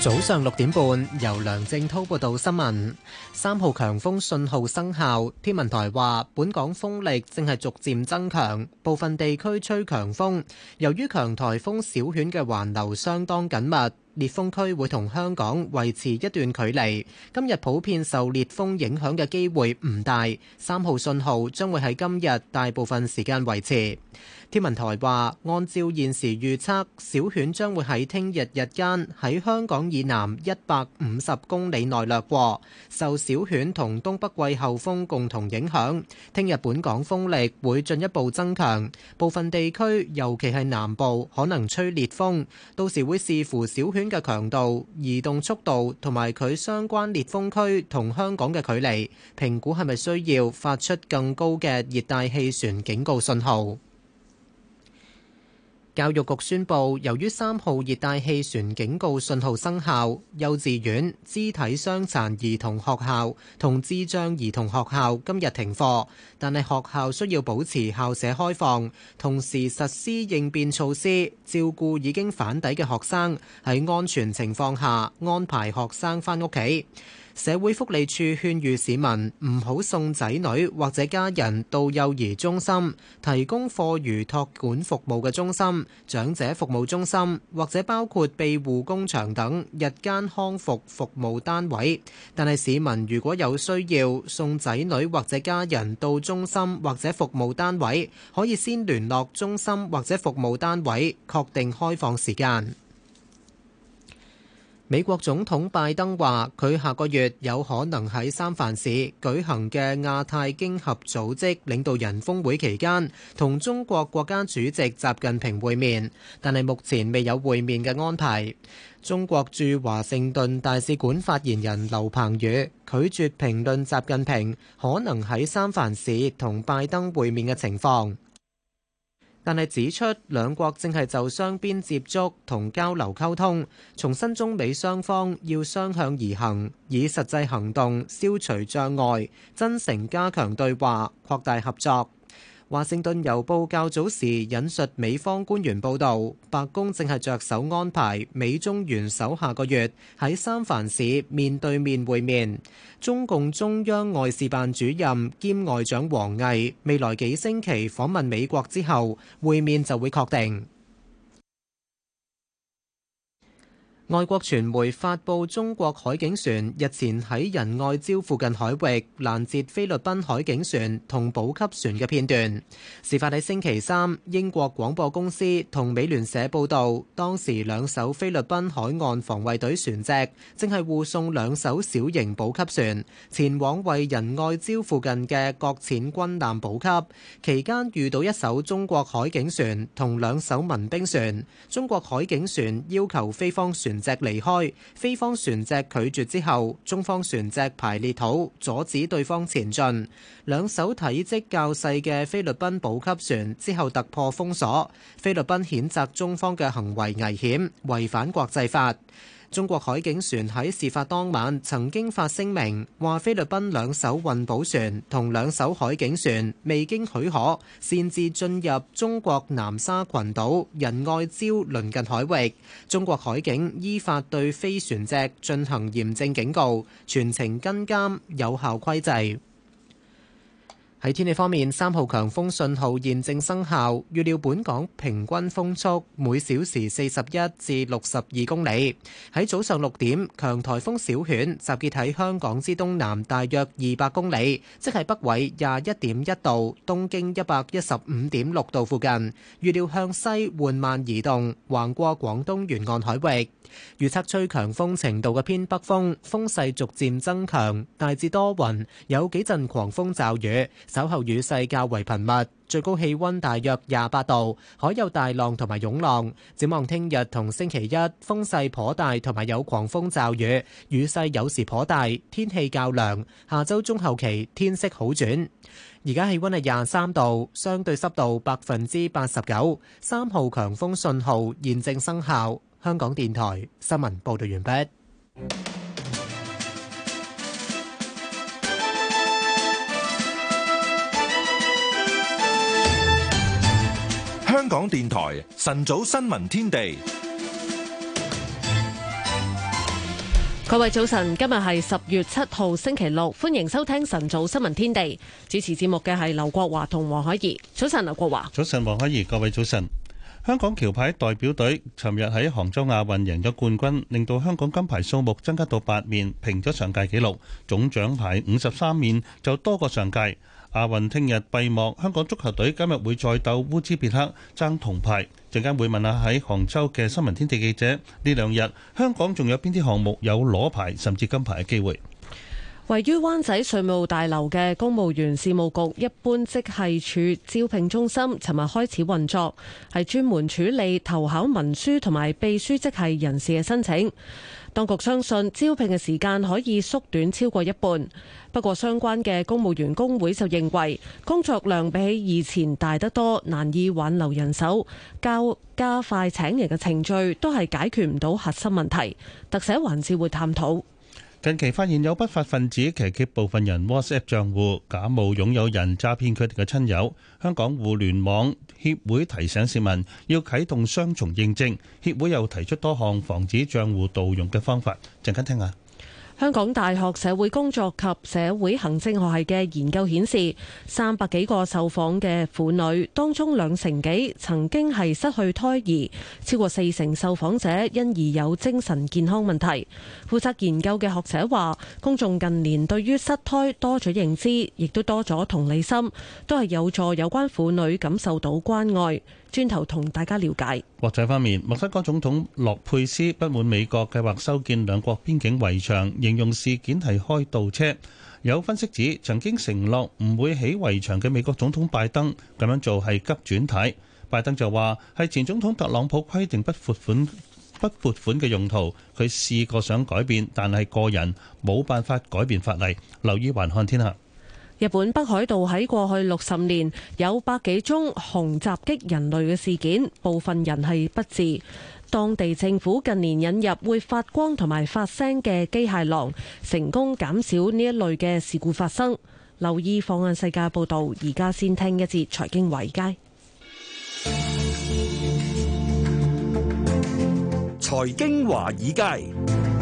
早上六點半，由梁正濤報道新聞。三號強風信號生效，天文台話本港風力正係逐漸增強，部分地區吹強風。由於強台風小犬嘅環流相當緊密。烈風區會同香港維持一段距離，今日普遍受烈風影響嘅機會唔大三號信號將會喺今日大部分時間維持天文台話，按照現時預測，小犬將會喺聽日日間喺香港以南一百五十公里內掠過。受小犬同東北季候風共同影響，聽日本港風力會進一步增強，部分地區尤其係南部可能吹烈風，到時會視乎小犬嘅強度、移動速度同埋佢相關烈風區同香港嘅距離，評估係咪需要發出更高嘅熱帶氣旋警告信號。教育局宣布，由於三號熱帶氣旋警告信號生效，幼稚園、肢體傷殘兒童學校同智障兒童學校今日停課，但係學校需要保持校舍開放，同時實施應變措施，照顧已經返抵嘅學生，喺安全情況下安排學生返屋企。社會福利署勸喻市民唔好送仔女或者家人到幼兒中心、提供課餘托管服務嘅中心、長者服務中心或者包括庇護工場等日間康復服務單位。但係市民如果有需要送仔女或者家人到中心或者服務單位，可以先聯絡中心或者服務單位，確定開放時間。美國總統拜登話，佢下個月有可能喺三藩市舉行嘅亞太經合組織領導人峰會期間，同中國國家主席習近平會面，但係目前未有會面嘅安排。中國駐華盛頓大使館發言人劉鵬宇拒絕評論習近平可能喺三藩市同拜登會面嘅情況。但係指出，兩國正係就雙邊接觸同交流溝通，重申中美雙方要雙向而行，以實際行動消除障礙，真誠加強對話，擴大合作。《華盛頓郵報》較早時引述美方官員報道，白宮正係着手安排美中元首下個月喺三藩市面對面會面。中共中央外事辦主任兼外長王毅未來幾星期訪問美國之後，會面就會確定。外國傳媒發佈中國海警船，日前喺仁愛礁附近海域攔截菲律賓海警船同補給船嘅片段。事發喺星期三，英國廣播公司同美聯社報道，當時兩艘菲律賓海岸防衛隊船隻正係護送兩艘小型補給船前往為仁愛礁附近嘅擱淺軍艦補給，期間遇到一艘中國海警船同兩艘民兵船，中國海警船要求菲方船。隻離開，非方船隻拒絕之後，中方船隻排列土阻止對方前進。兩艘體積較細嘅菲律賓補給船之後突破封鎖，菲律賓譴責中方嘅行為危險，違反國際法。中國海警船喺事發當晚曾經發聲明，話菲律賓兩艘運補船同兩艘海警船未經許可，擅自進入中國南沙群島仁愛礁鄰近海域。中國海警依法對菲船隻進行嚴正警告，全程跟監，有效規制。喺天氣方面，三號強風信號現正生效。預料本港平均風速每小時四十一至六十二公里。喺早上六點，強颱風小犬集結喺香港之東南，大約二百公里，即係北緯廿一點一度、東經一百一十五點六度附近。預料向西緩慢移動，橫過廣東沿岸海域。預測吹強風程度嘅偏北風，風勢逐漸增強，大致多雲，有幾陣狂風驟雨。稍後雨勢較為頻密，最高氣温大約廿八度，海有大浪同埋湧浪。展望聽日同星期一風勢頗大，同埋有狂風驟雨，雨勢有時頗大，天氣較涼。下週中後期天色好轉。而家氣温係廿三度，相對濕度百分之八十九，三號強風信號現正生效。香港電台新聞報導完畢。香港電台晨早新聞天地，各位早晨，今日係十月七號星期六，歡迎收聽晨早新聞天地。主持節目嘅係劉國華同黃海怡。早晨，劉國華。早晨，黃海怡。各位早晨。香港橋牌代表隊尋日喺杭州亞運贏咗冠軍，令到香港金牌數目增加到八面，平咗上屆紀錄，總獎牌五十三面就多過上屆。亞運聽日閉幕，香港足球隊今日會再鬥烏茲別克爭銅牌。陣間會問下喺杭州嘅新聞天地記者，呢兩日香港仲有邊啲項目有攞牌甚至金牌嘅機會？位於灣仔稅務大樓嘅公務員事務局一般職系處招聘中心，尋日開始運作，係專門處理投考文書同埋秘書職系人士嘅申請。當局相信招聘嘅時間可以縮短超過一半。不過相關嘅公務員工會就認為工作量比起以前大得多，難以挽留人手。較加快請人嘅程序都係解決唔到核心問題。特寫環節會探討。近期發現有不法分子騎劫部分人 WhatsApp 賬戶，假冒擁有人詐騙佢哋嘅親友。香港互聯網協會提醒市民要啟動雙重認證，協會又提出多項防止賬戶盜用嘅方法。陣間聽下。香港大學社會工作及社會行政學系嘅研究顯示，三百幾個受訪嘅婦女當中，兩成幾曾經係失去胎兒，超過四成受訪者因而有精神健康問題。負責研究嘅學者話，公眾近年對於失胎多咗認知，亦都多咗同理心，都係有助有關婦女感受到關愛。轉頭同大家了解。國際方面，墨西哥總統洛佩斯不滿美國計劃修建兩國邊境圍牆，形容事件係開倒車。有分析指，曾經承諾唔會起圍牆嘅美國總統拜登咁樣做係急轉軚。拜登就話：係前總統特朗普規定不撥款不撥款嘅用途，佢試過想改變，但係個人冇辦法改變法例。留意環看天下。日本北海道喺過去六十年有百幾宗熊襲擊人類嘅事件，部分人係不治。當地政府近年引入會發光同埋發聲嘅機械狼，成功減少呢一類嘅事故發生。留意放眼世界報道，而家先聽一節財經偉佳。財經華爾街。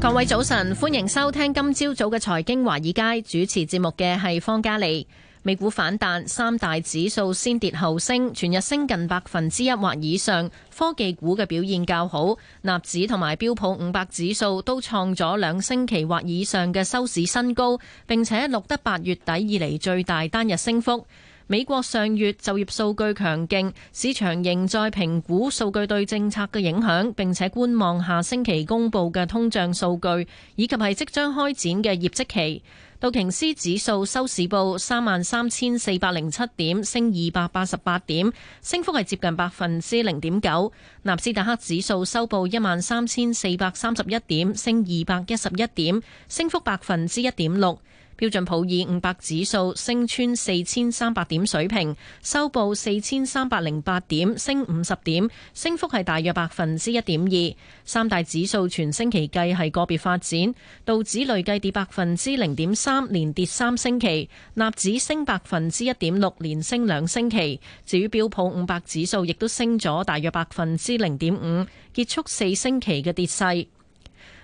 各位早晨，歡迎收聽今朝早嘅財經華爾街主持節目嘅係方嘉利。美股反彈，三大指數先跌後升，全日升近百分之一或以上。科技股嘅表現較好，納指同埋標普五百指數都創咗兩星期或以上嘅收市新高，並且錄得八月底以嚟最大單日升幅。美國上月就業數據強勁，市場仍在評估數據對政策嘅影響，並且觀望下星期公布嘅通脹數據，以及係即將開展嘅業績期。道瓊斯指數收市報三萬三千四百零七點，升二百八十八點，升幅係接近百分之零點九。納斯達克指數收報一萬三千四百三十一點，升二百一十一點，升幅百分之一點六。標準普爾五百指數升穿四千三百點水平，收報四千三百零八點，升五十點，升幅係大約百分之一點二。三大指數全星期計係個別發展，道指累計跌百分之零點三，連跌三星期；納指升百分之一點六，連升兩星期。至於標普五百指數，亦都升咗大約百分之零點五，結束四星期嘅跌勢。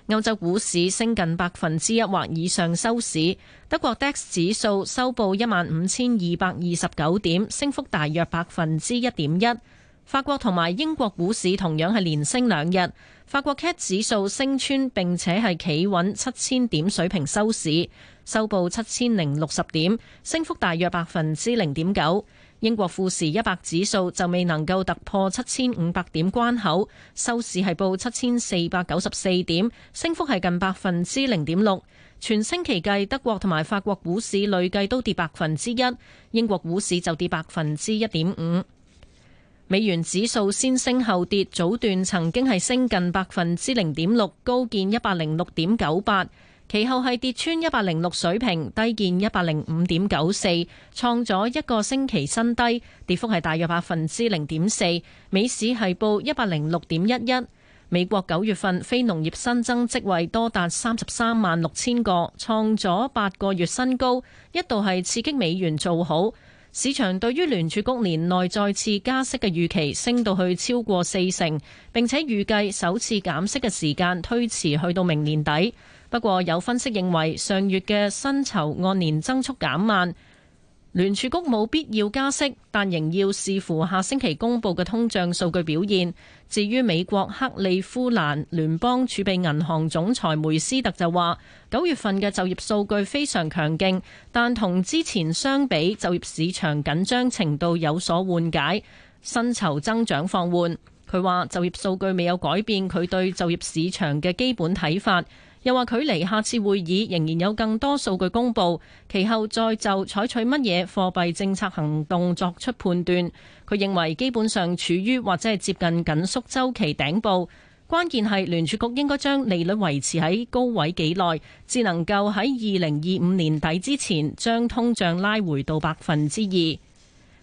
歐洲股市升近百分之一或以上收市，德國 DAX 指數收報一萬五千二百二十九點，升幅大約百分之一點一。法國同埋英國股市同樣係連升兩日，法國 CAC 指數升穿並且係企穩七千點水平收市，收報七千零六十點，升幅大約百分之零點九。英國富時一百指數就未能夠突破七千五百點關口，收市係報七千四百九十四點，升幅係近百分之零點六。全星期計，德國同埋法國股市累計都跌百分之一，英國股市就跌百分之一點五。美元指數先升後跌，早段曾經係升近百分之零點六，高見一百零六點九八。其後係跌穿一百零六水平，低見一百零五點九四，創咗一個星期新低，跌幅係大約百分之零點四。美市係報一百零六點一一。美國九月份非農業新增職位多達三十三萬六千個，創咗八個月新高，一度係刺激美元做好，市場對於聯儲局年內再次加息嘅預期升到去超過四成，並且預計首次減息嘅時間推遲去到明年底。不過有分析認為，上月嘅薪酬按年增速減慢，聯儲局冇必要加息，但仍要視乎下星期公布嘅通脹數據表現。至於美國克利夫蘭聯邦儲備銀行總裁梅斯特就話，九月份嘅就業數據非常強勁，但同之前相比，就業市場緊張程度有所緩解，薪酬增長放緩。佢話就業數據未有改變佢對就業市場嘅基本睇法。又話距離下次會議仍然有更多數據公布，其後再就採取乜嘢貨幣政策行動作出判斷。佢認為基本上處於或者係接近緊縮週期頂部，關鍵係聯儲局應該將利率維持喺高位幾耐，至能夠喺二零二五年底之前將通脹拉回到百分之二。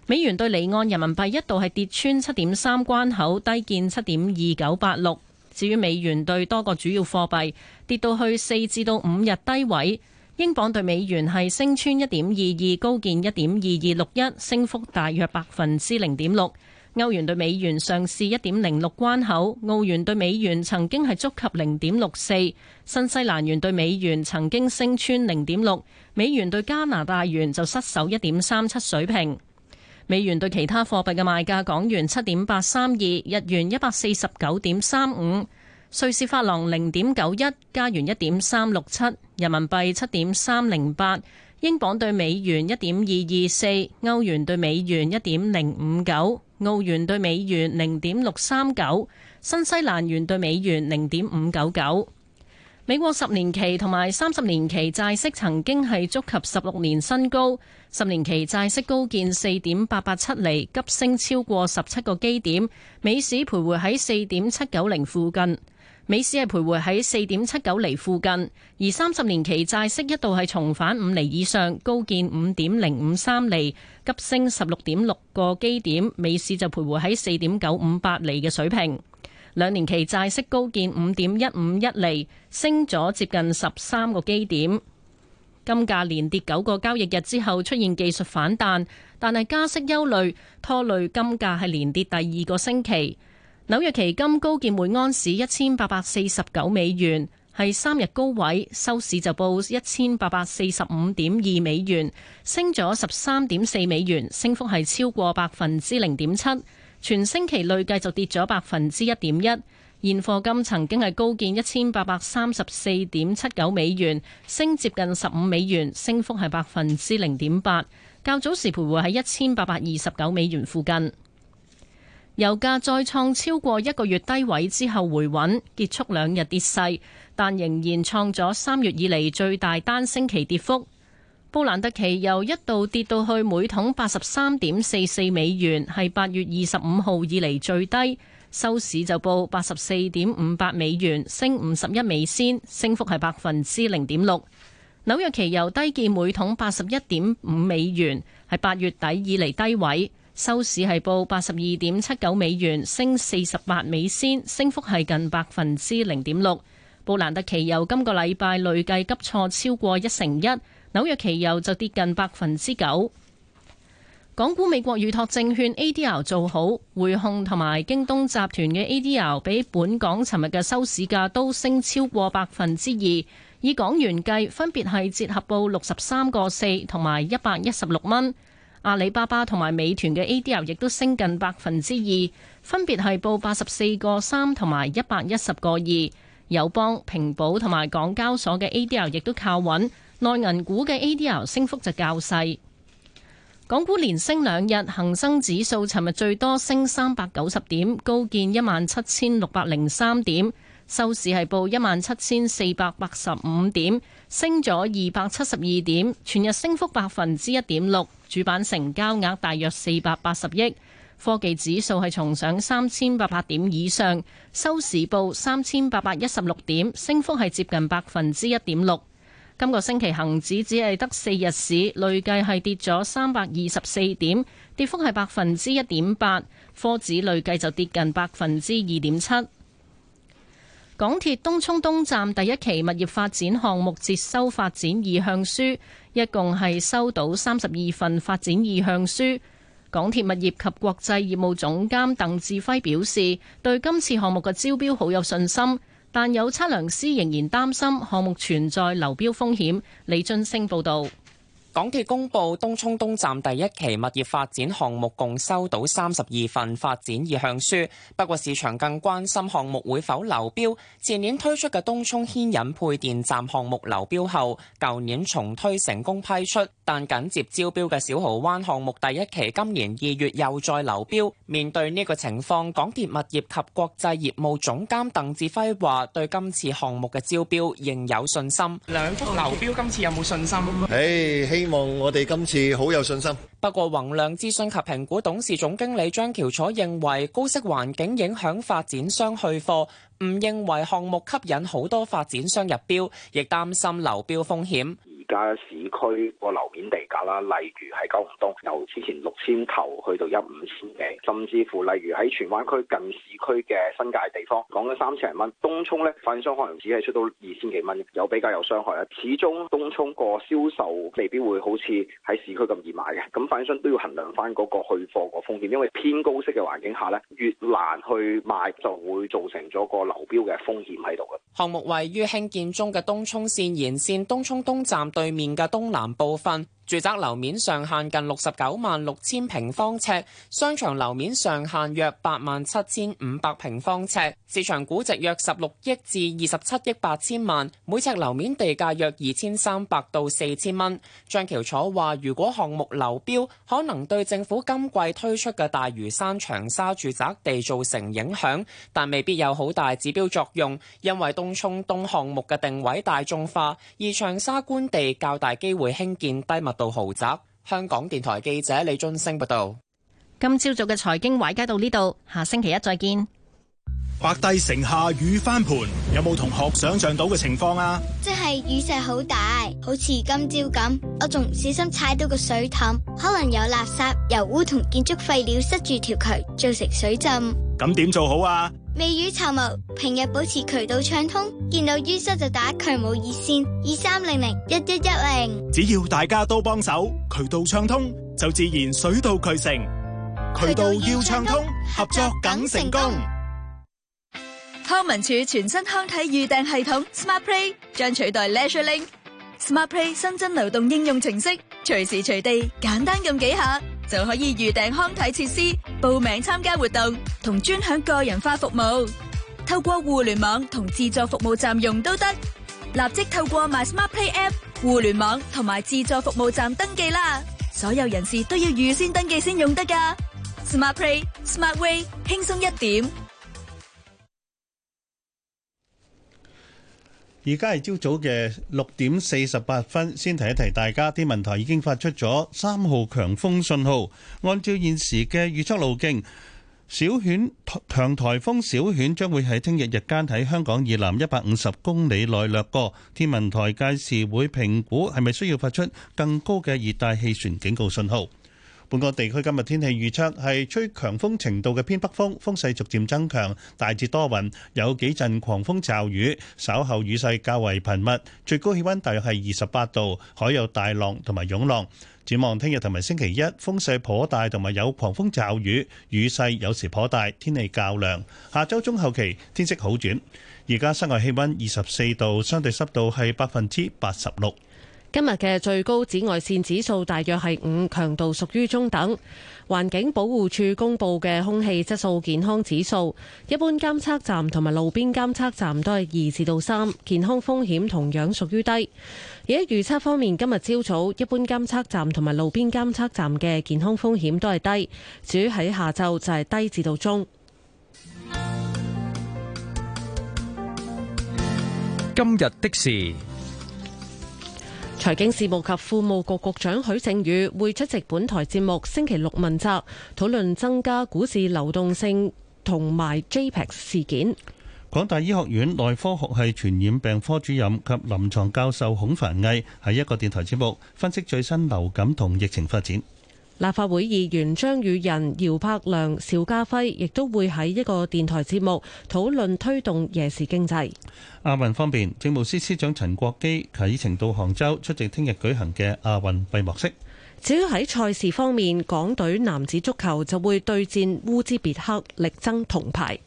美元對離岸人民幣一度係跌穿七點三關口，低見七點二九八六。至於美元對多個主要貨幣跌到去四至到五日低位，英鎊對美元係升穿一點二二，高見一點二二六一，升幅大約百分之零點六。歐元對美元上試一點零六關口，澳元對美元曾經係觸及零點六四，新西蘭元對美元曾經升穿零點六，美元對加拿大元就失守一點三七水平。美元對其他貨幣嘅賣價：港元七點八三二，日元一百四十九點三五，瑞士法郎零點九一，加元一點三六七，人民幣七點三零八，英鎊對美元一點二二四，歐元對美元一點零五九，澳元對美元零點六三九，新西蘭元對美元零點五九九。美國十年期同埋三十年期債息曾經係觸及十六年新高，十年期債息高見四點八八七厘，急升超過十七個基點，美市徘徊喺四點七九零附近。美市係徘徊喺四點七九厘附近，而三十年期債息一度係重返五厘以上，高見五點零五三厘，急升十六點六個基點，美市就徘徊喺四點九五八厘嘅水平。兩年期債息高見五點一五一厘，升咗接近十三個基點。金價連跌九個交易日之後出現技術反彈，但係加息憂慮，拖累金價係連跌第二個星期。紐約期金高見每安士一千八百四十九美元，係三日高位，收市就報一千八百四十五點二美元，升咗十三點四美元，升幅係超過百分之零點七。全星期累計就跌咗百分之一點一，現貨金曾經係高見一千八百三十四點七九美元，升接近十五美元，升幅係百分之零點八。較早時徘徊喺一千八百二十九美元附近。油價再創超過一個月低位之後回穩，結束兩日跌勢，但仍然創咗三月以嚟最大單星期跌幅。布蘭特期油一度跌到去每桶八十三點四四美元，係八月二十五號以嚟最低，收市就報八十四點五八美元，升五十一美仙，升幅係百分之零點六。紐約期油低見每桶八十一點五美元，係八月底以嚟低位，收市係報八十二點七九美元，升四十八美仙，升幅係近百分之零點六。布蘭特期油今個禮拜累計急挫超過一成一。紐約期油就跌近百分之九，港股美國預託證券 A D R 做好，匯控同埋京東集團嘅 A D R，比本港尋日嘅收市價都升超過百分之二，以港元計分別係折合報六十三個四同埋一百一十六蚊。阿里巴巴同埋美團嘅 A D R 亦都升近百分之二，分別係報八十四個三同埋一百一十個二。友邦、平保同埋港交所嘅 A D R 亦都靠穩。內銀股嘅 ADR 升幅就較細，港股連升兩日，恒生指數尋日最多升三百九十點，高見一萬七千六百零三點，收市係報一萬七千四百八十五點，升咗二百七十二點，全日升幅百分之一點六，主板成交額大約四百八十億，科技指數係重上三千八百點以上，收市報三千八百一十六點，升幅係接近百分之一點六。今個星期恒指只係得四日市，累計係跌咗三百二十四點，跌幅係百分之一點八。科指累計就跌近百分之二點七。港鐵東涌東站第一期物業發展項目接收發展意向書，一共係收到三十二份發展意向書。港鐵物業及國際業務總監鄧志輝表示，對今次項目嘅招標好有信心。但有測量師仍然擔心項目存在流標風險。李俊升報導。港鐵公布東涌東站第一期物業發展項目，共收到三十二份發展意向書。不過市場更關心項目會否流標。前年推出嘅東涌牽引配電站項目流標後，舊年重推成功批出，但緊接招標嘅小蠔灣項目第一期今年二月又再流標。面對呢個情況，港鐵物業及國際業務總監鄧志輝話對今次項目嘅招標仍有信心。兩幅流標今次有冇信心？誒，希。希望我哋今次好有信心。不過，宏亮諮詢及評估董事總經理張喬楚認為，高息環境影響發展商去貨，唔認為項目吸引好多發展商入標，亦擔心流標風險。市區個樓面地價啦，例如係九龍東，由之前六千頭去到一五千幾，甚至乎例如喺荃灣區近市區嘅新界地方，講緊三千零蚊。東涌咧，發展商可能只係出到二千幾蚊，有比較有傷害啦。始終東涌個銷售未必會好似喺市區咁易買嘅，咁發展商都要衡量翻嗰個去貨個風險，因為偏高息嘅環境下呢，越難去賣就會造成咗個流標嘅風險喺度啦。項目位於興建中嘅東涌線延線東涌東站對對面嘅東南部分。住宅樓面上限近六十九萬六千平方尺，商場樓面上限約八萬七千五百平方尺，市場估值約十六億至二十七億八千萬，每尺樓面地價約二千三百到四千蚊。張橋楚話：如果項目流標可能對政府今季推出嘅大嶼山長沙住宅地造成影響，但未必有好大指標作用，因為東涌東項目嘅定位大眾化，而長沙官地較大機會興建低密到豪宅，香港電台記者李俊升報道。今朝早嘅財經位街到呢度，下星期一再見。白帝城下雨翻盆，有冇同學想象到嘅情況啊？即係雨勢好大，好似今朝咁。我仲唔小心踩到個水凼，可能有垃圾、油污同建築廢料塞住條渠，造成水浸。咁點做好啊？未雨綢繆，平日保持渠道暢通，見到淤塞就打渠務熱線二三零零一一一零。只要大家都幫手，渠道暢通就自然水到渠成。渠道要暢通，合作梗成功。康文署全新康體預訂系統 Smart Play 將取代 Leisure Link。Smart Play 新增流動應用程式，隨時隨地簡單咁幾下就可以預訂康體設施、報名參加活動同專享個人化服務。透過互聯網同自助服務站用都得，立即透過 My Smart Play App、互聯網同埋自助服務站登記啦。所有人士都要預先登記先用得㗎。Smart Play，Smart Way，輕鬆一點。而家係朝早嘅六點四十八分，先提一提大家，天文台已經發出咗三號強風信號。按照現時嘅預測路徑，小犬強颱風小犬將會喺聽日日間喺香港以南一百五十公里內掠過。天文台屆時會評估係咪需要發出更高嘅熱帶氣旋警告信號。本港地區今日天氣預測係吹強風程度嘅偏北風，風勢逐漸增強，大致多雲，有幾陣狂風驟雨，稍後雨勢較為頻密，最高氣温大約係二十八度，海有大浪同埋湧浪。展望聽日同埋星期一，風勢頗大，同埋有狂風驟雨，雨勢有時頗大，天氣較涼。下周中後期天色好轉。而家室外氣温二十四度，相對濕度係百分之八十六。今日嘅最高紫外線指數大約係五，強度屬於中等。環境保護署公布嘅空氣質素健康指數，一般監測站同埋路邊監測站都係二至到三，健康風險同樣屬於低。而喺預測方面，今日朝早一般監測站同埋路邊監測站嘅健康風險都係低，至於喺下晝就係低至到中。今日的事。財經事務及庫務局局長許正宇會出席本台節目星期六問責，討論增加股市流動性同埋 JPEX 事件。港大醫學院內科學系傳染病科主任及臨牀教授孔凡毅喺一個電台節目分析最新流感同疫情發展。立法會議員張宇人、姚柏良、邵家輝亦都會喺一個電台節目討論推動夜市經濟。亞運方面，政務司司長陳國基啟程到杭州出席聽日舉行嘅亞運閉幕式。至於喺賽事方面，港隊男子足球就會對戰烏茲別克，力爭銅牌。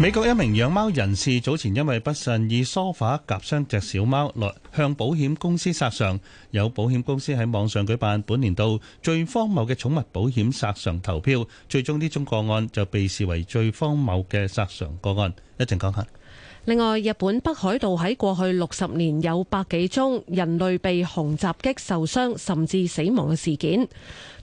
美國一名養貓人士早前因為不慎以梳化夾傷隻小貓，來向保險公司索償。有保險公司喺網上舉辦本年度最荒謬嘅寵物保險索償投票，最終呢宗個案就被視為最荒謬嘅索償個案。一陣講下。另外，日本北海道喺過去六十年有百幾宗人類被熊襲擊受傷甚至死亡嘅事件。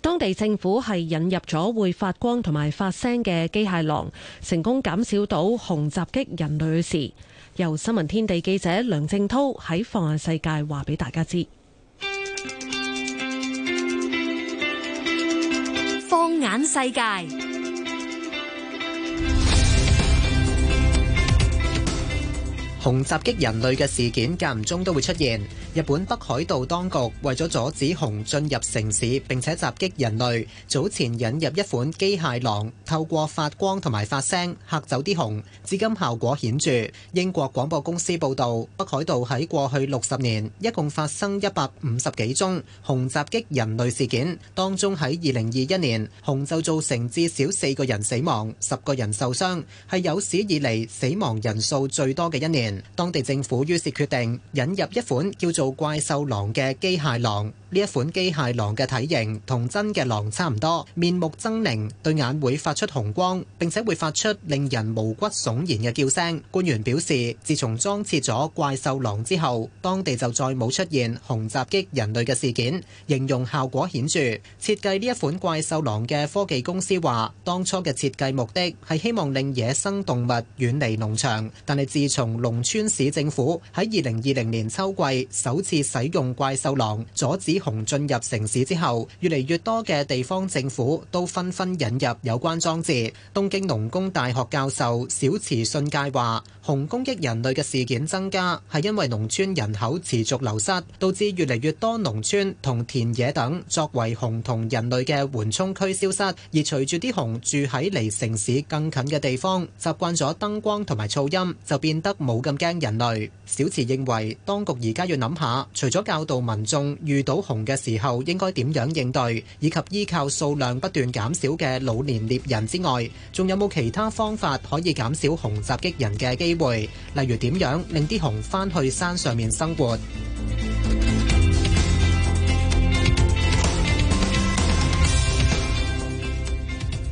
當地政府係引入咗會發光同埋發聲嘅機械狼，成功減少到熊襲擊人類嘅事。由新聞天地記者梁正濤喺放眼世界話俾大家知。放眼世界。熊襲擊人類嘅事件間唔中都會出現。日本北海道當局為咗阻止熊進入城市並且襲擊人類，早前引入一款機械狼，透過發光同埋發聲嚇走啲熊，至今效果顯著。英國廣播公司報導，北海道喺過去當地政府於是決定引入一款叫做怪獸狼嘅機械狼。呢一款機械狼嘅體型同真嘅狼差唔多，面目猙獰，對眼會發出紅光，並且會發出令人毛骨悚然嘅叫聲。官員表示，自從裝設咗怪獸狼之後，當地就再冇出現熊襲擊人類嘅事件，應用效果顯著。設計呢一款怪獸狼嘅科技公司話，當初嘅設計目的係希望令野生動物遠離農場，但係自從農農村市政府喺二零二零年秋季首次使用怪獸狼阻止熊進入城市之後，越嚟越多嘅地方政府都紛紛引入有關裝置。東京農工大學教授小池信介話。熊攻擊人類嘅事件增加，係因為農村人口持續流失，導致越嚟越多農村同田野等作為熊同人類嘅緩衝區消失。而隨住啲熊住喺離城市更近嘅地方，習慣咗燈光同埋噪音，就變得冇咁驚人類。小池認為，當局而家要諗下，除咗教導民眾遇到熊嘅時候應該點樣應對，以及依靠數量不斷減少嘅老年獵人之外，仲有冇其他方法可以減少熊襲擊人嘅機會？例如點樣令啲熊翻去山上面生活？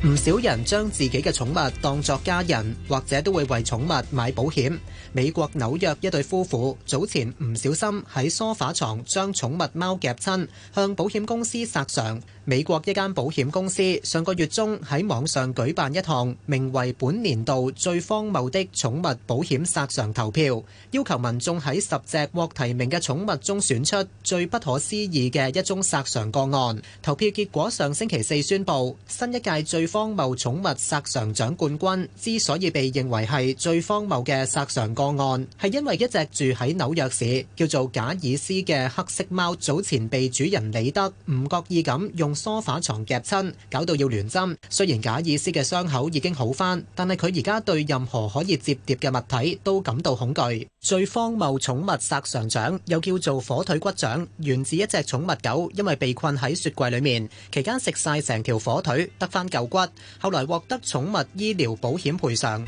唔 少人將自己嘅寵物當作家人，或者都會為寵物買保險。美國紐約一對夫婦早前唔小心喺梳化床將寵物貓夾親，向保險公司索償。美國一間保險公司上個月中喺網上舉辦一項名為本年度最荒謬的寵物保險索償投票，要求民眾喺十隻獲提名嘅寵物中選出最不可思議嘅一宗索償個案。投票結果上星期四宣布，新一屆最荒謬寵物索償獎冠軍之所以被認為係最荒謬嘅索償個案，係因為一隻住喺紐約市叫做賈爾斯嘅黑色貓早前被主人李德唔覺意咁用梳化床夾親，搞到要縫針，雖然賈爾斯嘅傷口已經好返，但係佢而家對任何可以摺疊嘅物體都感到恐懼。最荒謬寵物索償獎又叫做火腿骨獎，源自一隻寵物狗，因為被困在雪櫃裏面，期間食晒成條火腿，得返舊骨，後來獲得寵物醫療保險賠償。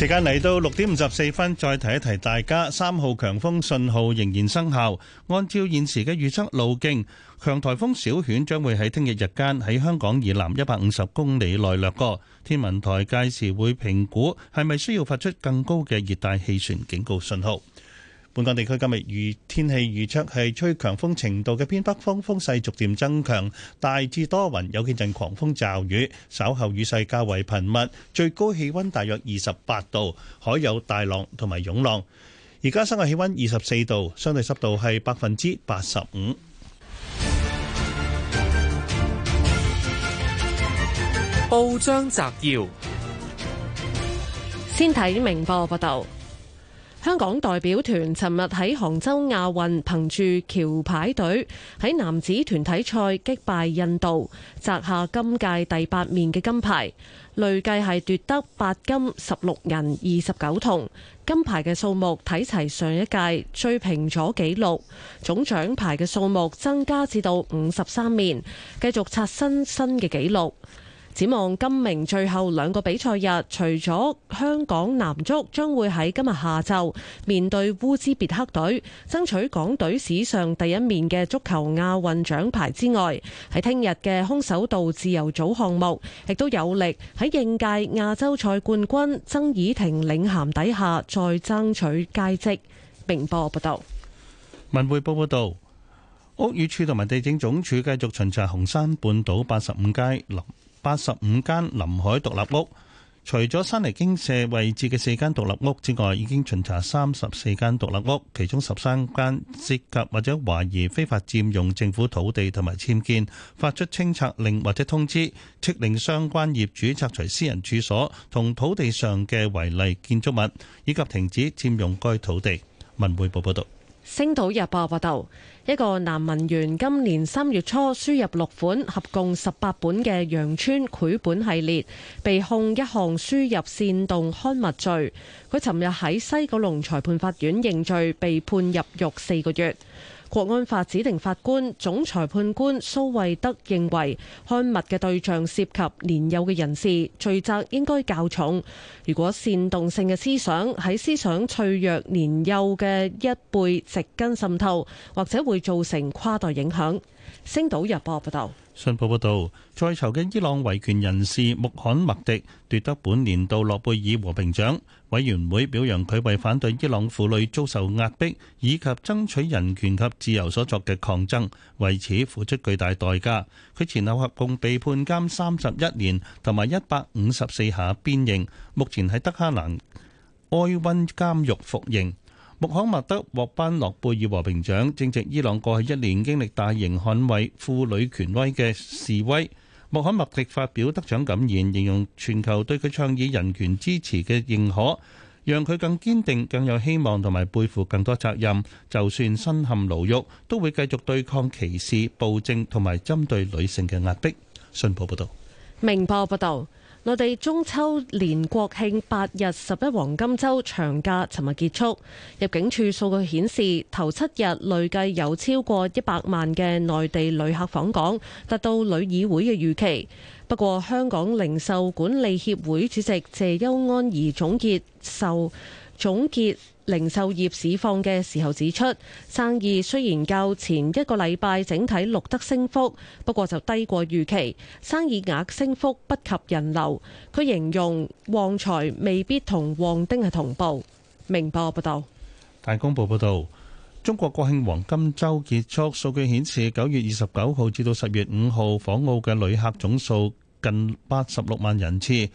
時間嚟到六點五十四分，再提一提大家，三號強風信號仍然生效。按照現時嘅預測路徑，強台風小犬將會喺聽日日間喺香港以南一百五十公里內掠過。天文台屆時會評估係咪需要發出更高嘅熱帶氣旋警告信號。150本港地區今日預天氣預測係吹強風程度嘅偏北風，風勢逐漸增強，大致多雲，有幾陣狂風驟雨，稍後雨勢較為頻密，最高氣溫大約二十八度，海有大浪同埋湧浪。而家室外氣溫二十四度，相對濕度係百分之八十五。報章摘要，先睇明報報道。香港代表團尋日喺杭州亞運，憑住橋牌隊喺男子團體賽擊敗印度，摘下今屆第八面嘅金牌，累計係奪得八金十六銀二十九銅，金牌嘅數目睇齊上一屆追平咗紀錄，總獎牌嘅數目增加至到五十三面，繼續刷新新嘅紀錄。展望今明最後兩個比賽日，除咗香港男足將會喺今日下晝面對烏茲別克隊，爭取港隊史上第一面嘅足球亞運獎牌之外，喺聽日嘅空手道自由組項目亦都有力喺應屆亞洲賽冠軍曾倚婷領銜底下再爭取佳績。明報報道，文匯報報道，屋宇署同埋地政總署繼續巡查紅山半島八十五街八十五間臨海獨立屋，除咗山泥傾瀉位置嘅四間獨立屋之外，已經巡查三十四間獨立屋，其中十三間涉及或者懷疑非法佔用政府土地同埋僭建，發出清拆令或者通知，飭令相關業主拆除私人住所同土地上嘅違例建築物，以及停止佔用該土地。文匯報報道。星島日報報道，一個男文員，今年三月初輸入六款合共十八本嘅羊村繪本系列，被控一項輸入煽動刊物罪。佢尋日喺西九龍裁判法院認罪，被判入獄四個月。國安法指定法官總裁判官蘇惠德認為，刊物嘅對象涉及年幼嘅人士，罪責應該較重。如果煽動性嘅思想喺思想脆弱年幼嘅一輩植根滲透，或者會造成跨代影響。星島日報報道。信報報道，在囚嘅伊朗維權人士穆罕默迪奪得本年度諾貝爾和平獎。委員會表揚佢為反對伊朗婦女遭受壓迫以及爭取人權及自由所作嘅抗爭，為此付出巨大代價。佢前後合共被判監三十一年，同埋一百五十四下鞭刑，目前喺德哈蘭埃温監獄服刑。穆罕默德獲頒諾貝爾和平獎，正值伊朗過去一年經歷大型捍衛婦女權威嘅示威。穆罕默迪發表得獎感言，形容全球對佢倡議人權支持嘅認可，讓佢更堅定、更有希望同埋背負更多責任。就算身陷牢獄，都會繼續對抗歧視、暴政同埋針對女性嘅壓迫。信報報道，明報報道。內地中秋連國慶八日十一黃金周長假尋日結束，入境處數據顯示，頭七日累計有超過一百萬嘅內地旅客訪港，達到旅議會嘅預期。不過，香港零售管理協會主席謝邱安儀總結受總結。零售業市況嘅時候指出，生意雖然較前一個禮拜整體錄得升幅，不過就低過預期，生意額升幅不及人流。佢形容旺財未必同旺丁係同步。明報報道，大公報報道，中國國慶黃金週結束，數據顯示九月二十九號至到十月五號訪澳嘅旅客總數近八十六萬人次。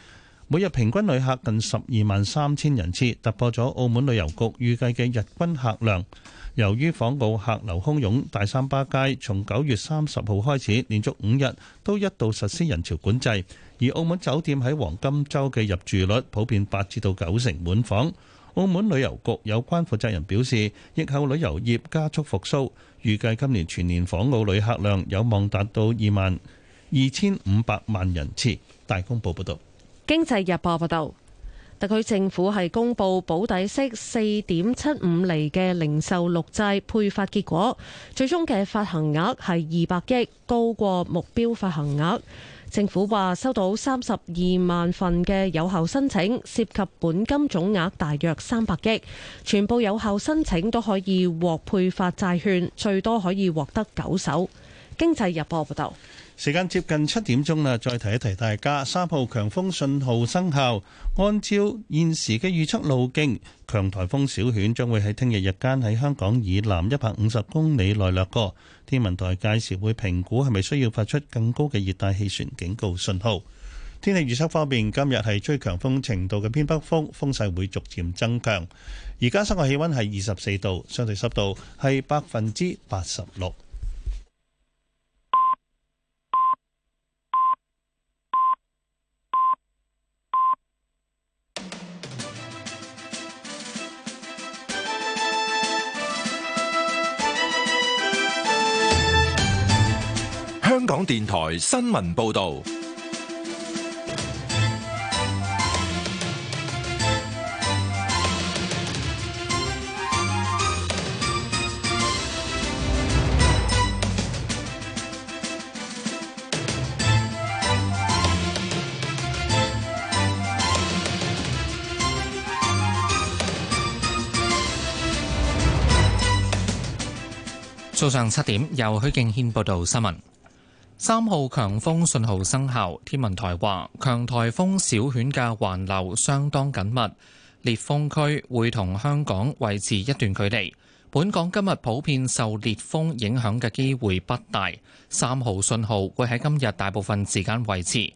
每日平均旅客近十二萬三千人次，突破咗澳門旅遊局預計嘅日均客量。由於訪澳客流洶湧，大三巴街從九月三十號開始連續五日都一度實施人潮管制。而澳門酒店喺黃金周嘅入住率普遍八至到九成滿房。澳門旅遊局有關負責人表示，疫後旅遊業加速復甦，預計今年全年訪澳旅客量有望達到二萬二千五百萬人次。大公報報道。經濟日報報道，特區政府係公布保底息四點七五厘嘅零售綠債配發結果，最終嘅發行額係二百億，高過目標發行額。政府話收到三十二萬份嘅有效申請，涉及本金總額大約三百億，全部有效申請都可以獲配發債券，最多可以獲得九手。經濟日報報道。時間接近24 86。香港電台新聞報道。早上七點，由許敬軒報道新聞。三號強風信號生效，天文台話強颱風小犬嘅環流相當緊密，烈風區會同香港維持一段距離。本港今日普遍受烈風影響嘅機會不大，三號信號會喺今日大部分時間維持。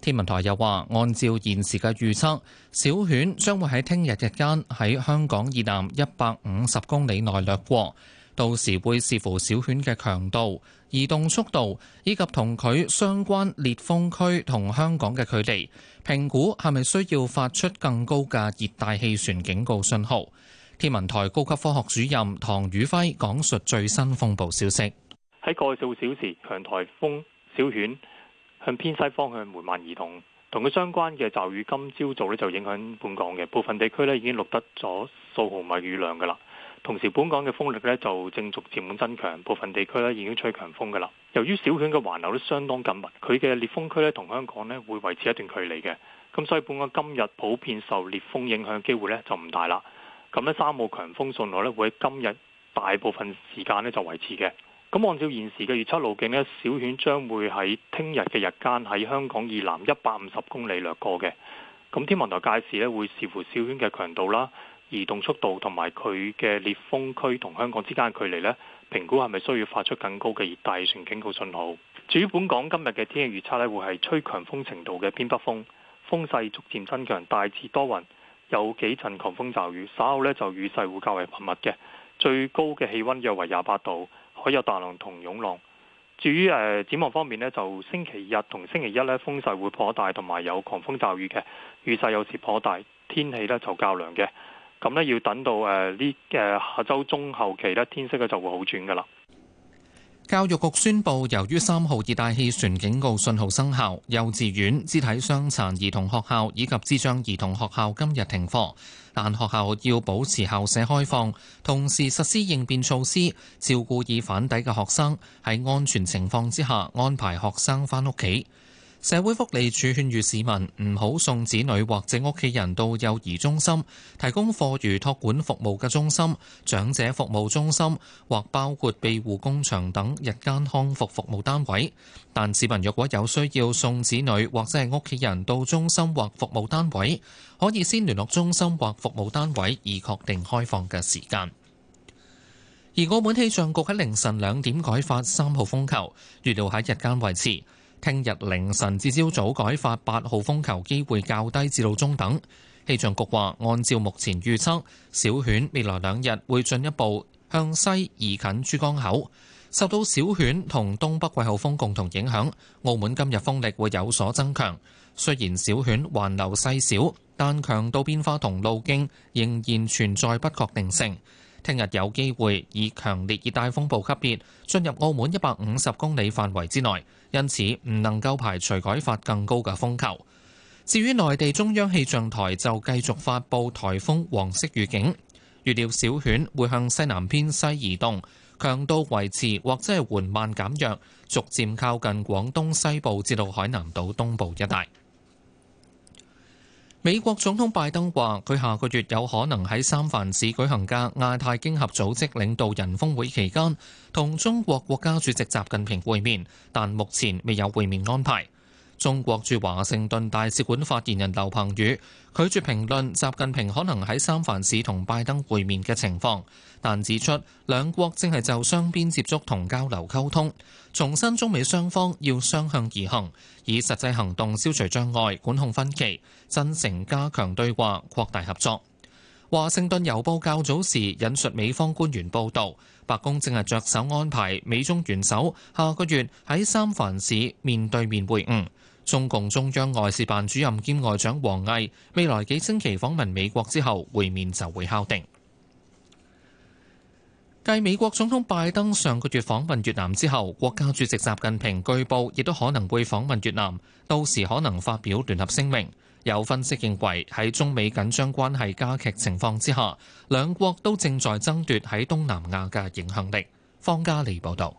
天文台又話，按照現時嘅預測，小犬將會喺聽日日間喺香港以南一百五十公里內掠過。到時會視乎小犬嘅強度、移動速度以及同佢相關烈風區同香港嘅距離，評估係咪需要發出更高嘅熱帶氣旋警告信號。天文台高級科學主任唐宇輝講述最新風暴消息。喺過去數小，小時，強颱風小犬向偏西方向緩慢移動，同佢相關嘅驟雨今朝早呢就影響本港嘅部分地區呢已經錄得咗數毫米雨量㗎啦。同時，本港嘅風力呢就正逐漸，漸增強，部分地區呢已經吹強風嘅啦。由於小犬嘅環流都相當緊密，佢嘅烈風區呢同香港呢會維持一段距離嘅，咁所以本港今日普遍受烈風影響嘅機會呢就唔大啦。咁呢三號強風信號呢會喺今日大部分時間呢就維持嘅。咁按照現時嘅預測路徑呢，小犬將會喺聽日嘅日間喺香港以南一百五十公里掠過嘅。咁天文台屆時呢會視乎小犬嘅強度啦。移動速度同埋佢嘅烈風區同香港之間嘅距離呢，評估係咪需要發出更高嘅熱帶氣旋警告信號？至於本港今日嘅天氣預測呢，會係吹強風程度嘅偏北風，風勢逐漸增強，大致多雲，有幾陣狂風驟雨。稍後呢，就雨勢會較為頻密嘅，最高嘅氣温約為廿八度，可有大浪同湧浪。至於誒展望方面呢，就星期日同星期一呢，風勢會頗大，同埋有，有狂風驟雨嘅雨勢有時頗大，天氣呢就較涼嘅。咁呢，要等到誒呢誒下周中後期咧，天色咧就會好轉噶啦。教育局宣布，由於三號熱帶氣旋警告信號生效，幼稚園、肢體傷殘兒童學校以及智障兒童學校今日停課，但學校要保持校舍開放，同時實施應變措施，照顧已返抵嘅學生，喺安全情況之下安排學生翻屋企。社會福利署勸喻市民唔好送子女或者屋企人到幼兒中心、提供課餘託管服務嘅中心、長者服務中心或包括庇護工場等日間康復服務單位。但市民如果有需要送子女或者係屋企人到中心或服務單位，可以先聯絡中心或服務單位以確定開放嘅時間。而澳門氣象局喺凌晨兩點改發三號風球，預料喺日間維持。聽日凌晨至朝早改發八號風球，機會較低至到中等。氣象局話，按照目前預測，小犬未來兩日會進一步向西移近珠江口，受到小犬同東北季候風共同影響，澳門今日風力會有所增強。雖然小犬環流細小，但強度變化同路徑仍然存在不確定性。聽日有機會以強烈熱帶風暴級別進入澳門一百五十公里範圍之內。因此唔能夠排除改發更高嘅風球。至於內地中央氣象台就繼續發佈颱風黃色預警，預料小犬會向西南偏西移動，強度維持或者係緩慢減弱，逐漸靠近廣東西部至到海南島東部一帶。美國總統拜登話，佢下個月有可能喺三藩市舉行嘅亞太經合組織領導人峰會期間同中國國家主席習近平會面，但目前未有會面安排。中國駐華盛頓大使館發言人劉鵬宇拒絕評論習近平可能喺三藩市同拜登會面嘅情況，但指出兩國正係就雙邊接觸同交流溝通，重申中美雙方要雙向而行，以實際行動消除障礙、管控分歧、真誠加強對話、擴大合作。華盛頓郵報較早時引述美方官員報道，白宮正係着手安排美中元首下個月喺三藩市面對面會晤。中共中央外事辦主任兼外長王毅未來幾星期訪問美國之後，會面就會敲定。繼美國總統拜登上個月訪問越南之後，國家主席習近平據報亦都可能會訪問越南，到時可能發表聯合聲明。有分析認為喺中美緊張關係加劇情況之下，兩國都正在爭奪喺東南亞嘅影響力。方嘉利報道。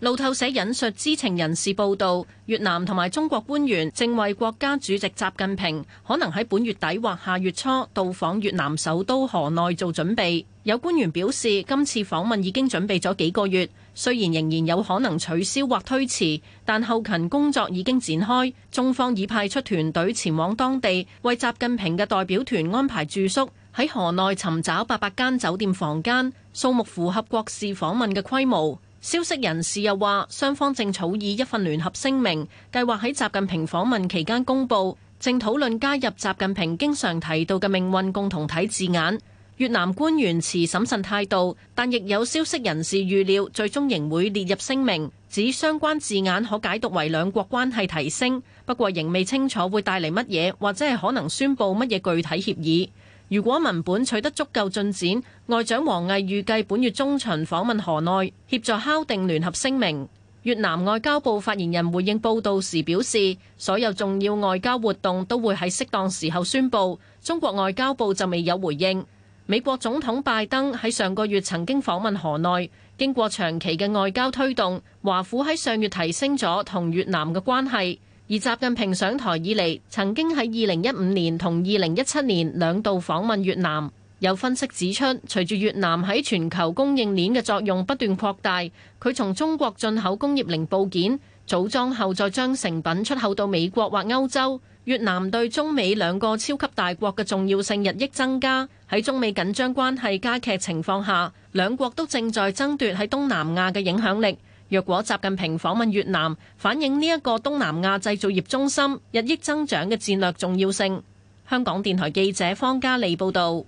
路透社引述知情人士報道，越南同埋中國官員正為國家主席習近平可能喺本月底或下月初到訪越南首都河內做準備，有官員表示，今次訪問已經準備咗幾個月，雖然仍然有可能取消或推遲，但後勤工作已經展開，中方已派出團隊前往當地，為習近平嘅代表團安排住宿，喺河內尋找八百間酒店房間，數目符合國事訪問嘅規模。消息人士又話，雙方正草擬一份聯合聲明，計劃喺習近平訪問期間公布，正討論加入習近平經常提到嘅命運共同體字眼。越南官員持審慎態度，但亦有消息人士預料最終仍會列入聲明，指相關字眼可解讀為兩國關係提升，不過仍未清楚會帶嚟乜嘢，或者係可能宣布乜嘢具體協議。如果文本取得足夠進展，外長王毅預計本月中旬訪問河內，協助敲定聯合聲明。越南外交部發言人回應報道時表示，所有重要外交活動都會喺適當時候宣布。中國外交部就未有回應。美國總統拜登喺上個月曾經訪問河內，經過長期嘅外交推動，華府喺上月提升咗同越南嘅關係。而習近平上台以嚟，曾經喺二零一五年同二零一七年兩度訪問越南。有分析指出，隨住越南喺全球供應鏈嘅作用不斷擴大，佢從中國進口工業零部件，組裝後再將成品出口到美國或歐洲。越南對中美兩個超級大國嘅重要性日益增加。喺中美緊張關係加劇情況下，兩國都正在爭奪喺東南亞嘅影響力。若果習近平訪問越南，反映呢一個東南亞製造業中心日益增長嘅戰略重要性。香港電台記者方嘉莉報道。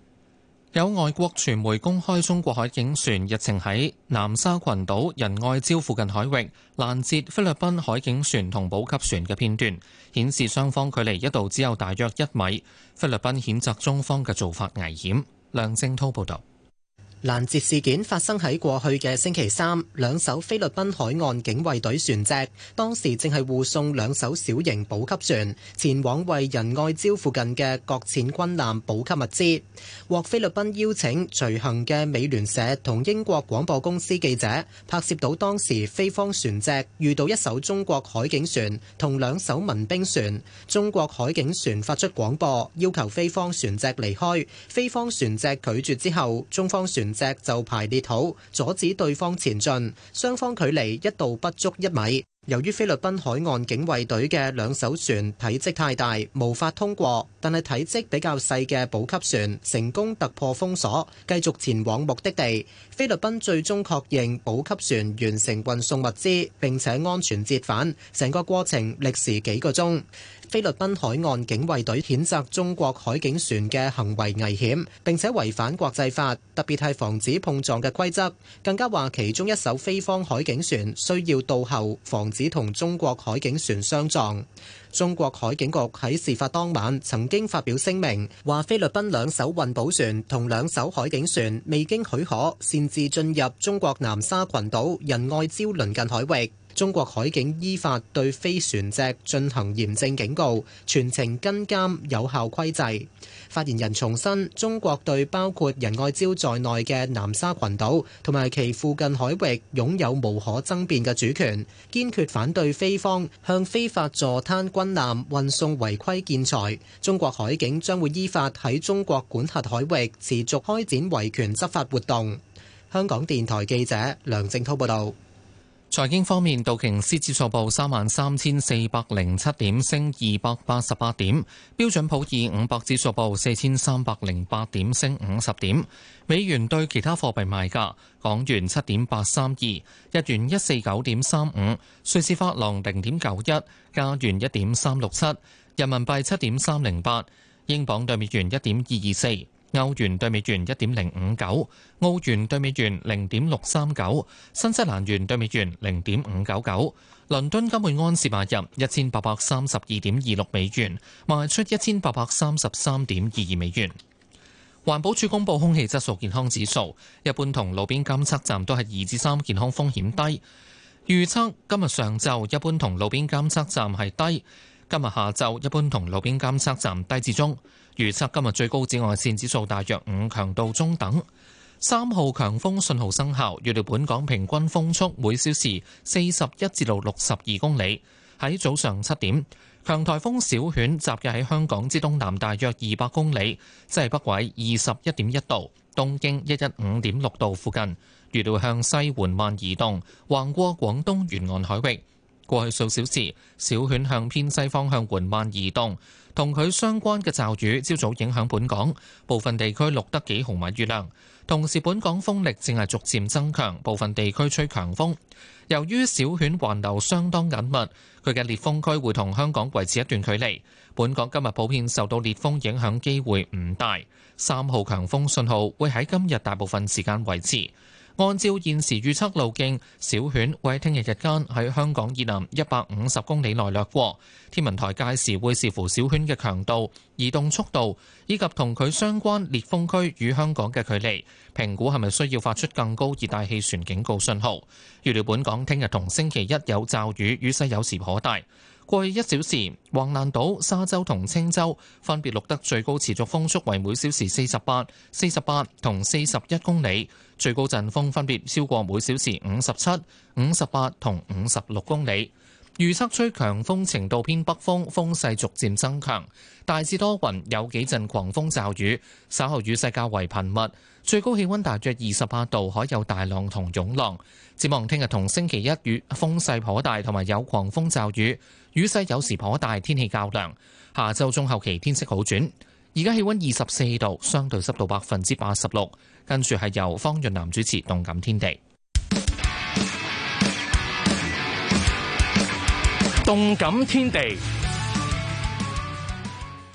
有外國傳媒公開中國海警船日前喺南沙群島仁愛礁附近海域攔截菲律賓海警船同補給船嘅片段，顯示雙方距離一度只有大約一米。菲律賓譴責中方嘅做法危險。梁正滔報導。攔截事件發生喺過去嘅星期三，兩艘菲律賓海岸警衛隊船隻當時正係護送兩艘小型補給船前往為仁愛礁附近嘅擱淺軍艦補給物資，獲菲律賓邀請隨行嘅美聯社同英國廣播公司記者拍攝到當時菲方船隻遇到一艘中國海警船同兩艘民兵船，中國海警船發出廣播要求菲方船隻離開，菲方船隻拒絕之後中方船。隻就排列好，阻止對方前進。雙方距離一度不足一米。由於菲律賓海岸警衛隊嘅兩艘船體積太大，無法通過，但係體積比較細嘅補給船成功突破封鎖，繼續前往目的地。菲律賓最終確認補給船完成運送物資，並且安全折返。成個過程歷時幾個鐘。菲律賓海岸警衛隊譴責中國海警船嘅行為危險，並且違反國際法，特別係防止碰撞嘅規則。更加話其中一艘菲方海警船需要倒後，防止同中國海警船相撞。中國海警局喺事發當晚曾經發表聲明，話菲律賓兩艘運補船同兩艘海警船未經許可，擅自進入中國南沙群島仁愛礁鄰近海域。中國海警依法對非船隻進行嚴正警告，全程跟監，有效規制。發言人重申，中國對包括仁愛礁在內嘅南沙群島同埋其附近海域擁有無可爭辯嘅主權，堅決反對非方向非法坐灘、軍艦運送違規建材。中國海警將會依法喺中國管轄海域持續開展維權執法活動。香港電台記者梁正濤報道。財經方面，道瓊斯指數報三萬三千四百零七點，升二百八十八點；標準普爾五百指數報四千三百零八點，升五十點。美元對其他貨幣賣價：港元七點八三二，日元一四九點三五，瑞士法郎零點九一，加元一點三六七，人民幣七點三零八，英鎊對美元一點二二四。歐元兌美元一點零五九，澳元兌美元零點六三九，新西蘭元兌美元零點五九九。倫敦金每安士買入一千八百三十二點二六美元，賣出一千八百三十三點二二美元。環保署公布空氣質素健康指數，一般同路邊監測站都係二至三，健康風險低。預測今日上晝一般同路邊監測站係低。今日下晝一般同路邊監測站低至中，預測今日最高紫外線指數大約五，強度中等。三號強風信號生效，預料本港平均風速每小時四十一至到六十二公里。喺早上七點，強颱風小犬集結喺香港之東南大約二百公里，即係北緯二十一點一度、東經一一五點六度附近，預料向西緩慢移動，橫過廣東沿岸海域。過去數小時,小犬向偏西方向緩慢移動,同佢相關嘅驟雨朝早影響本港,部分地區錄得幾毫米雨量。同時,本港風力正係逐漸增強,部分地區吹強風。由於小犬環流相當緊密,佢嘅烈風區會同香港維持一段距離。本港今日普遍受到烈風影響機會唔大,三號強風信號會喺今日大部分時間維持。按照現時預測路徑，小犬會喺聽日日間喺香港以南一百五十公里內掠過。天文台屆時會視乎小犬嘅強度、移動速度以及同佢相關烈風區與香港嘅距離，評估係咪需要發出更高熱帶氣旋警告信號。預料本港聽日同星期一有驟雨，雨勢有時可大。過去一小時，橫瀾島、沙洲同青洲分別錄得最高持續風速為每小時四十八、四十八同四十一公里。最高陣風分別超過每小時五十七、五十八同五十六公里。預測吹強風程度偏北風，風勢逐漸增強，大致多雲，有幾陣狂風驟雨，稍後雨勢較為頻密。最高氣温大約二十八度，海有大浪同湧浪。展望聽日同星期一雨風勢頗大，同埋有，有狂風驟雨，雨勢有時頗大，天氣較涼。下週中後期天色好轉。而家氣溫二十四度，相對濕度百分之八十六。跟住係由方潤南主持《動感天地》。《動感天地》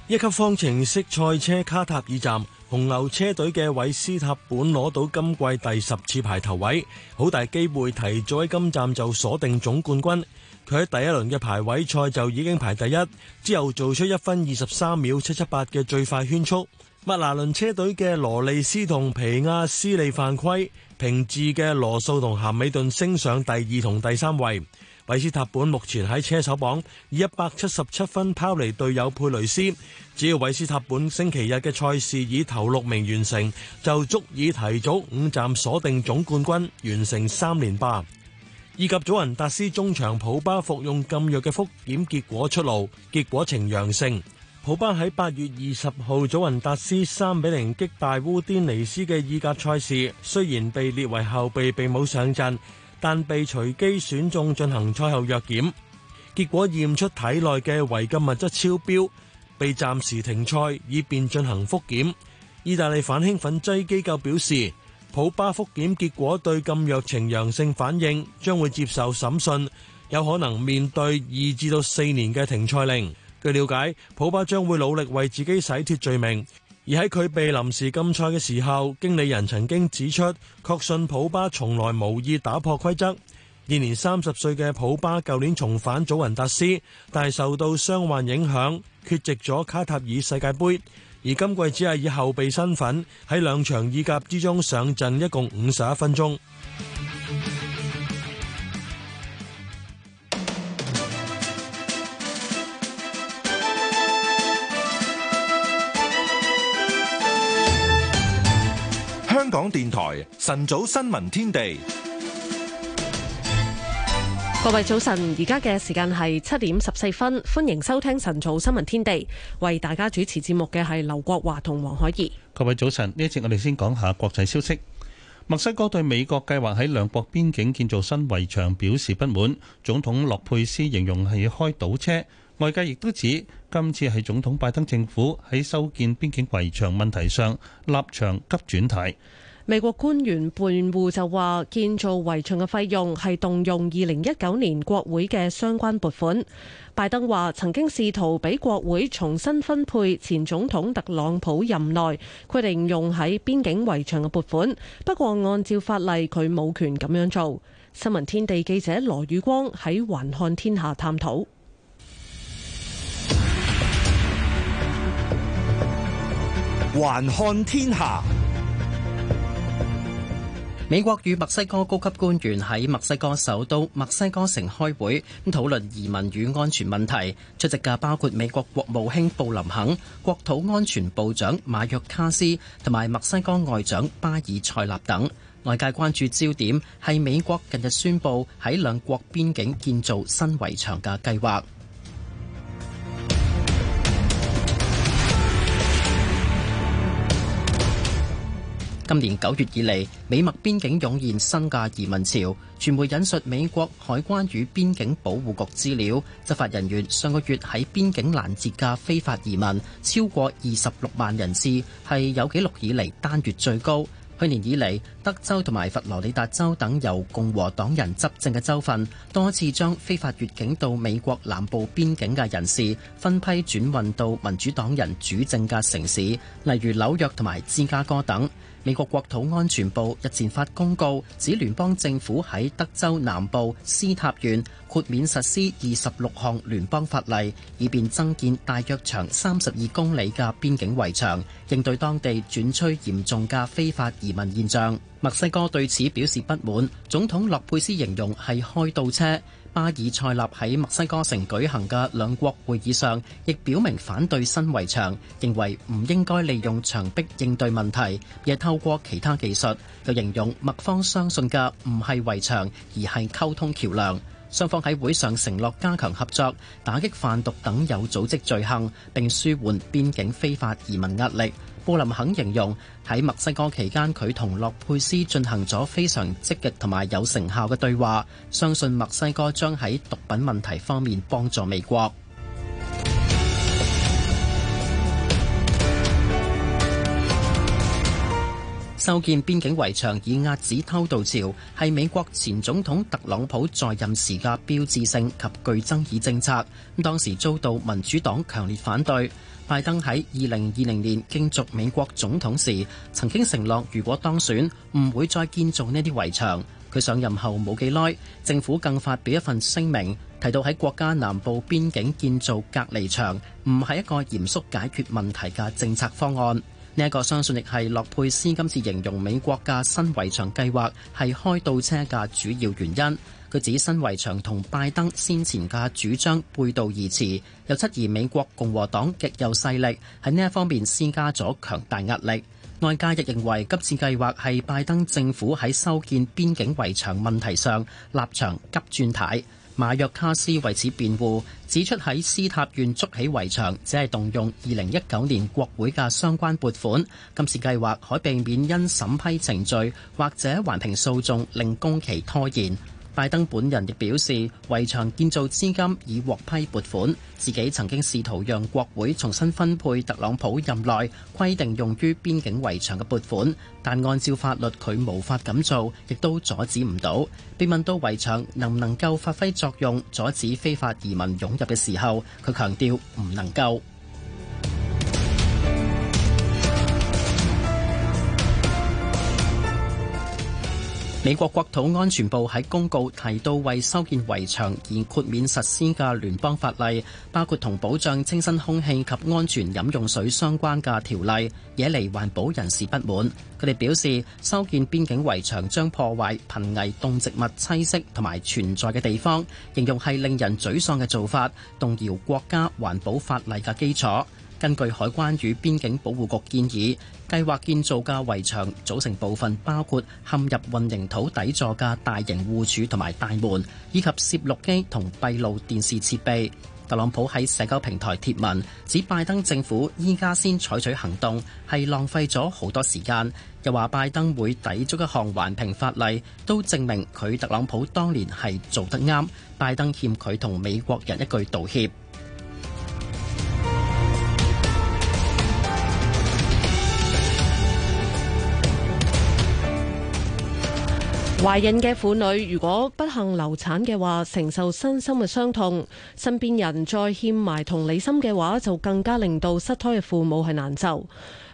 一級方程式賽車卡塔爾站，紅牛車隊嘅韋斯塔本攞到今季第十次排頭位，好大機會提早喺今站就鎖定總冠軍。佢喺第一輪嘅排位賽就已經排第一，之後做出一分二十三秒七七八嘅最快圈速。麥拿倫車隊嘅羅利斯同皮亞斯利犯規，平治嘅羅素同咸美頓升上第二同第三位。韋斯塔本目前喺車手榜以一百七十七分拋離隊友佩雷斯。只要韋斯塔本星期日嘅賽事以頭六名完成，就足以提早五站鎖定總冠軍，完成三連霸。以及祖雲達斯中場普巴服用禁藥嘅複檢結果出爐，結果呈陽性。普巴喺八月二十號祖雲達斯三比零擊敗烏甸尼斯嘅意甲賽事，雖然被列為後備，並冇上陣，但被隨機選中進行賽後藥檢，結果驗出體內嘅違禁物質超標，被暫時停賽，以便進行複檢。意大利反興奮劑機構表示，普巴復檢結果對禁藥呈陽性反應，將會接受審訊，有可能面對二至到四年嘅停賽令。據了解，普巴將會努力為自己洗脫罪名。而喺佢被臨時禁賽嘅時候，經理人曾經指出，確信普巴從來無意打破規則。現年三十歲嘅普巴，舊年重返祖雲達斯，但係受到傷患影響，缺席咗卡塔爾世界盃。而今季只係以後備身份喺兩場意甲之中上陣，一共五十一分鐘。香港電台晨早新聞天地。各位早晨，而家嘅時間係七點十四分，歡迎收聽晨早新聞天地。為大家主持節目嘅係劉國華同黃海怡。各位早晨，呢一節我哋先講下國際消息。墨西哥對美國計劃喺兩國邊境建造新圍牆表示不滿，總統洛佩斯形容係開倒車。外界亦都指，今次係總統拜登政府喺修建邊境圍牆問題上立場急轉軚。美國官員辯護就話，建造圍牆嘅費用係動用二零一九年國會嘅相關撥款。拜登話曾經試圖俾國會重新分配前總統特朗普任內規定用喺邊境圍牆嘅撥款，不過按照法例佢冇權咁樣做。新聞天地記者羅宇光喺環看天下探討。環看天下。美國與墨西哥高級官員喺墨西哥首都墨西哥城開會，咁討論移民與安全問題。出席嘅包括美國國務卿布林肯、國土安全部長馬約卡斯同埋墨西哥外長巴爾塞納等。外界關注焦點係美國近日宣布喺兩國邊境建造新圍牆嘅計劃。今年九月以嚟，美墨邊境湧現新嘅移民潮。傳媒引述美國海關與邊境保護局資料，執法人員上個月喺邊境攔截嘅非法移民超過二十六萬人次，係有紀錄以嚟單月最高。去年以嚟，德州同埋佛羅里達州等由共和黨人執政嘅州份，多次將非法越境到美國南部邊境嘅人士，分批轉運到民主黨人主政嘅城市，例如紐約同埋芝加哥等。美國國土安全部日前發公告，指聯邦政府喺德州南部斯塔縣豁免實施二十六項聯邦法例，以便增建大約長三十二公里嘅邊境圍牆，應對當地轉趨嚴重嘅非法移民現象。墨西哥對此表示不滿，總統洛佩斯形容係開倒車。巴爾塞納喺墨西哥城舉行嘅兩國會議上，亦表明反對新圍牆，認為唔應該利用牆壁應對問題，而透過其他技術。又形容墨方相信嘅唔係圍牆，而係溝通橋樑。雙方喺會上承諾加強合作，打擊販毒等有組織罪行，並舒緩邊境非法移民壓力。布林肯形容喺墨西哥期間，佢同洛佩斯進行咗非常積極同埋有成效嘅對話，相信墨西哥將喺毒品問題方面幫助美國。 修建邊境圍牆以遏止偷渡潮，係美國前總統特朗普在任時嘅標誌性及具爭議政策，當時遭到民主黨強烈反對。拜登喺二零二零年競逐美國總統時曾經承諾，如果當選唔會再建造呢啲圍牆，佢上任後冇幾耐，政府更發表一份聲明，提到喺國家南部邊境建造隔離牆唔係一個嚴肅解決問題嘅政策方案。呢、這、一個相信亦係洛佩斯今次形容美國嘅新圍牆計劃係開倒車嘅主要原因。佢指，新圍牆同拜登先前嘅主張背道而馳，又質疑美國共和黨極右勢力喺呢一方面施加咗強大壓力。外界亦認為今次計劃係拜登政府喺修建邊境圍牆問題上立場急轉軚。馬約卡斯為此辯護，指出喺斯塔縣築起圍牆只係動用二零一九年國會嘅相關撥款，今次計劃可避免因審批程序或者環評訴訟令工期拖延。拜登本人亦表示，圍牆建造資金已獲批撥款。自己曾經試圖讓國會重新分配特朗普任內規定用於邊境圍牆嘅撥款，但按照法律佢無法咁做，亦都阻止唔到。被問到圍牆能唔能夠發揮作用阻止非法移民湧入嘅時候，佢強調唔能夠。美國國土安全部喺公告提到，為修建圍牆而豁免實施嘅聯邦法例，包括同保障清新空氣及安全飲用水相關嘅條例，惹嚟環保人士不滿，佢哋表示，修建邊境圍牆將破壞瀕危動植物棲息同埋存在嘅地方，形容係令人沮喪嘅做法，動搖國家環保法例嘅基礎，根據海關與邊境保護局建議。計劃建造嘅圍牆組成部分包括陷入混凝土底座嘅大型戶柱同埋大門，以及攝錄機同閉路電視設備。特朗普喺社交平台貼文指拜登政府依家先採取行動，係浪費咗好多時間，又話拜登會抵觸一項環評法例，都證明佢特朗普當年係做得啱。拜登欠佢同美國人一句道歉。懷孕嘅婦女如果不幸流產嘅話，承受身心嘅傷痛；身邊人再欠埋同理心嘅話，就更加令到失胎嘅父母係難受。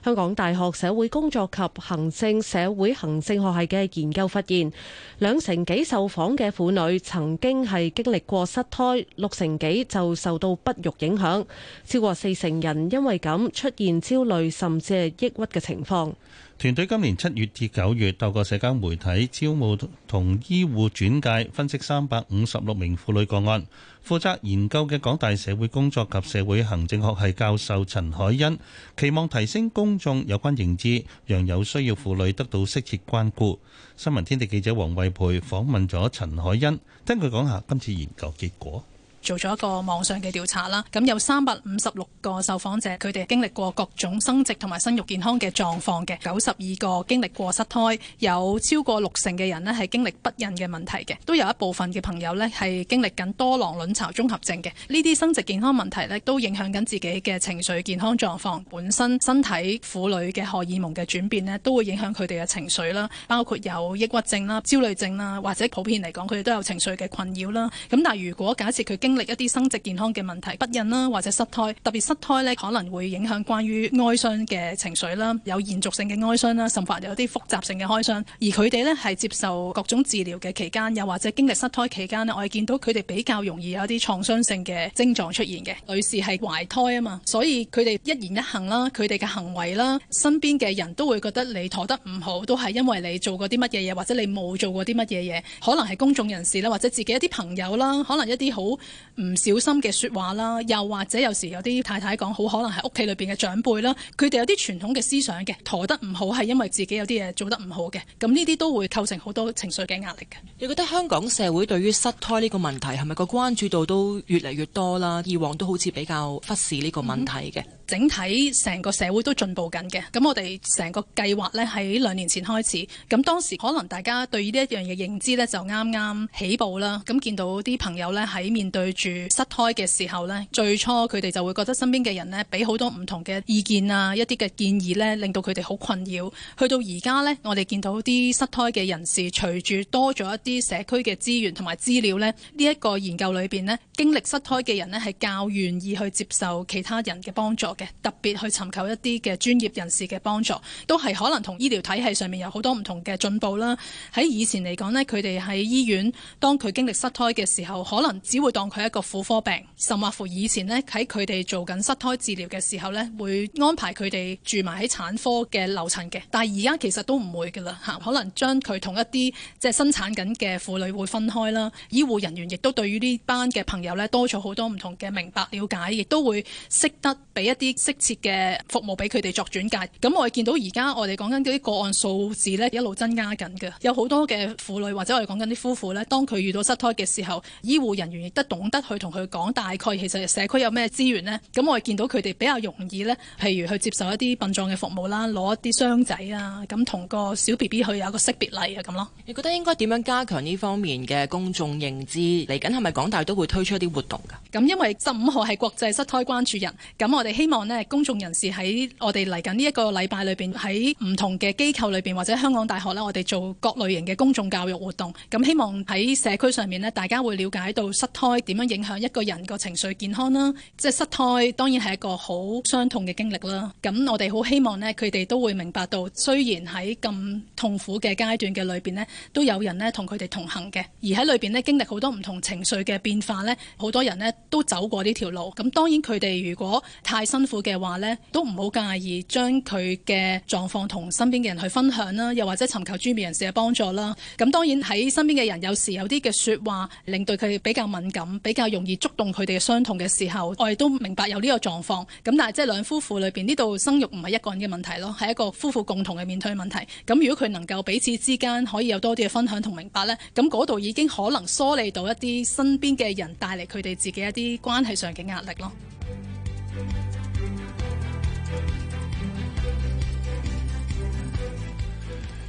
香港大學社會工作及行政社會行政學系嘅研究發現，兩成幾受訪嘅婦女曾經係經歷過失胎，六成幾就受到不育影響，超過四成人因為咁出現焦慮甚至係抑鬱嘅情況。團隊今年七月至九月透過社交媒體招募同醫護轉介，分析三百五十六名婦女個案。負責研究嘅港大社會工作及社會行政學系教授陳海恩期望提升公眾有關認知，讓有需要婦女得到適切關顧。新聞天地記者黃慧培訪問咗陳海恩，聽佢講下今次研究結果。做咗一個網上嘅調查啦，咁有三百五十六個受訪者，佢哋經歷過各種生殖同埋生育健康嘅狀況嘅，九十二個經歷過失胎，有超過六成嘅人咧係經歷不孕嘅問題嘅，都有一部分嘅朋友咧係經歷緊多囊卵巢綜合症嘅，呢啲生殖健康問題咧都影響緊自己嘅情緒健康狀況，本身身體婦女嘅荷爾蒙嘅轉變咧都會影響佢哋嘅情緒啦，包括有抑鬱症啦、焦慮症啦，或者普遍嚟講佢哋都有情緒嘅困擾啦。咁但係如果假設佢經經歷一啲生殖健康嘅問題，不孕啦或者失胎，特別失胎咧，可能會影響關於哀傷嘅情緒啦，有延續性嘅哀傷啦，甚至有啲複雜性嘅哀傷。而佢哋咧係接受各種治療嘅期間，又或者經歷失胎期間咧，我哋見到佢哋比較容易有啲創傷性嘅症狀出現嘅。女士係懷胎啊嘛，所以佢哋一言一行啦，佢哋嘅行為啦，身邊嘅人都會覺得你妥得唔好，都係因為你做過啲乜嘢嘢，或者你冇做過啲乜嘢嘢，可能係公眾人士啦，或者自己一啲朋友啦，可能一啲好。唔小心嘅説話啦，又或者有時有啲太太講，好可能係屋企裏邊嘅長輩啦，佢哋有啲傳統嘅思想嘅，陀得唔好係因為自己有啲嘢做得唔好嘅，咁呢啲都會構成好多情緒嘅壓力嘅。你覺得香港社會對於失胎呢個問題係咪個關注度都越嚟越多啦？以往都好似比較忽視呢個問題嘅。嗯整體成個社會都進步緊嘅，咁我哋成個計劃咧喺兩年前開始，咁當時可能大家對呢一樣嘢認知咧就啱啱起步啦。咁見到啲朋友咧喺面對住失胎嘅時候咧，最初佢哋就會覺得身邊嘅人咧俾好多唔同嘅意見啊，一啲嘅建議咧令到佢哋好困擾。去到而家咧，我哋見到啲失胎嘅人士，隨住多咗一啲社區嘅資源同埋資料咧，呢一個研究裏邊呢，經歷失胎嘅人咧係較願意去接受其他人嘅幫助嘅。特別去尋求一啲嘅專業人士嘅幫助，都係可能同醫療體系上面有好多唔同嘅進步啦。喺以前嚟講呢，佢哋喺醫院當佢經歷失胎嘅時候，可能只會當佢一個婦科病，甚或乎以前呢喺佢哋做緊失胎治療嘅時候呢，會安排佢哋住埋喺產科嘅樓層嘅。但係而家其實都唔會㗎喇吓，可能將佢同一啲即係生產緊嘅婦女會分開啦。醫護人員亦都對於呢班嘅朋友呢，多咗好多唔同嘅明白了解，亦都會識得俾一啲適切嘅服務俾佢哋作轉介，咁我哋見到而家我哋講緊啲個案數字呢，一路增加緊嘅，有好多嘅婦女或者我哋講緊啲夫婦呢，當佢遇到失胎嘅時候，醫護人員亦都懂得去同佢講「大概其實社區有咩資源呢？」咁我哋見到佢哋比較容易呢，譬如去接受一啲殯葬嘅服務啦，攞一啲箱仔啊，咁同個小 B B 去有個識別禮啊咁咯。你覺得應該點樣加強呢方面嘅公眾認知？嚟緊係咪廣大都會推出一啲活動㗎？咁因為十五號係國際失胎關注日。咁我哋希望。希望咧，公眾人士喺我哋嚟緊呢一個禮拜裏邊，喺唔同嘅機構裏邊或者香港大學咧，我哋做各類型嘅公眾教育活動。咁希望喺社區上面咧，大家會了解到失胎點樣影響一個人個情緒健康啦。即係失胎當然係一個好傷痛嘅經歷啦。咁我哋好希望咧，佢哋都會明白到，雖然喺咁痛苦嘅階段嘅裏邊呢，都有人咧同佢哋同行嘅，而喺裏邊呢，經歷好多唔同情緒嘅變化呢，好多人呢都走過呢條路。咁當然佢哋如果太辛， 辛苦嘅話呢都唔好介意將佢嘅狀況同身邊嘅人去分享啦，又或者尋求專業人士嘅幫助啦。咁當然喺身邊嘅人有時有啲嘅說話，令對佢比較敏感，比較容易觸動佢哋嘅傷痛嘅時候，我哋都明白有呢個狀況。咁但係即係兩夫婦裏邊呢度生育唔係一個人嘅問題咯，係一個夫婦共同嘅面對問題。咁如果佢能夠彼此之間可以有多啲嘅分享同明白呢，咁嗰度已經可能梳理到一啲身邊嘅人帶嚟佢哋自己一啲關係上嘅壓力咯。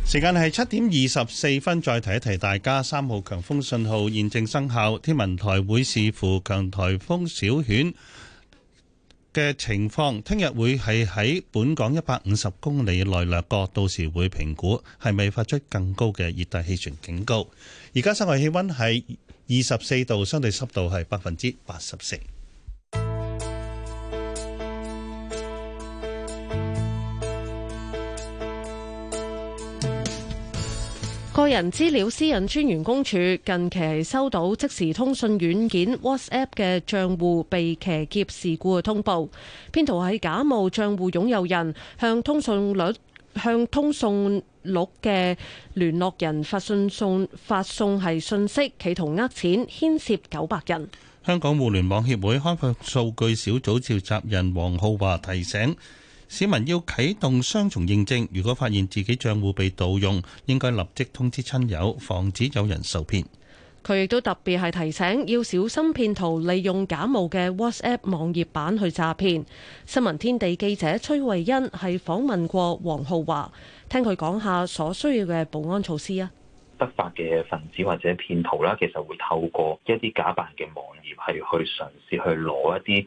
時間係七點二十四分，再提一提大家，三號強風信號現正生效，天文台會視乎強颱風小犬嘅情況，聽日會係喺本港一百五十公里內掠過，到時會評估係咪發出更高嘅熱帶氣旋警告。而家室外氣溫係二十四度，相對濕度係百分之八十四。個人資料私隱專員公署近期收到即時通訊軟件 WhatsApp 嘅帳戶被騎劫事故嘅通報。騙徒係假冒帳戶擁有人向通訊錄，向通訊錄向通訊錄嘅聯絡人發信送發送係信息，企圖呃錢，牽涉九百人。香港互聯網協會開放數據小組召集人黃浩華提醒。市民要啟動雙重認證，如果發現自己帳戶被盜用，應該立即通知親友，防止有人受騙。佢亦都特別係提醒，要小心騙徒利用假冒嘅 WhatsApp 網頁版去詐騙。新聞天地記者崔慧欣係訪問過黃浩華，聽佢講下所需要嘅保安措施啊！不法嘅分子或者騙徒啦，其實會透過一啲假扮嘅網頁係去嘗試去攞一啲誒，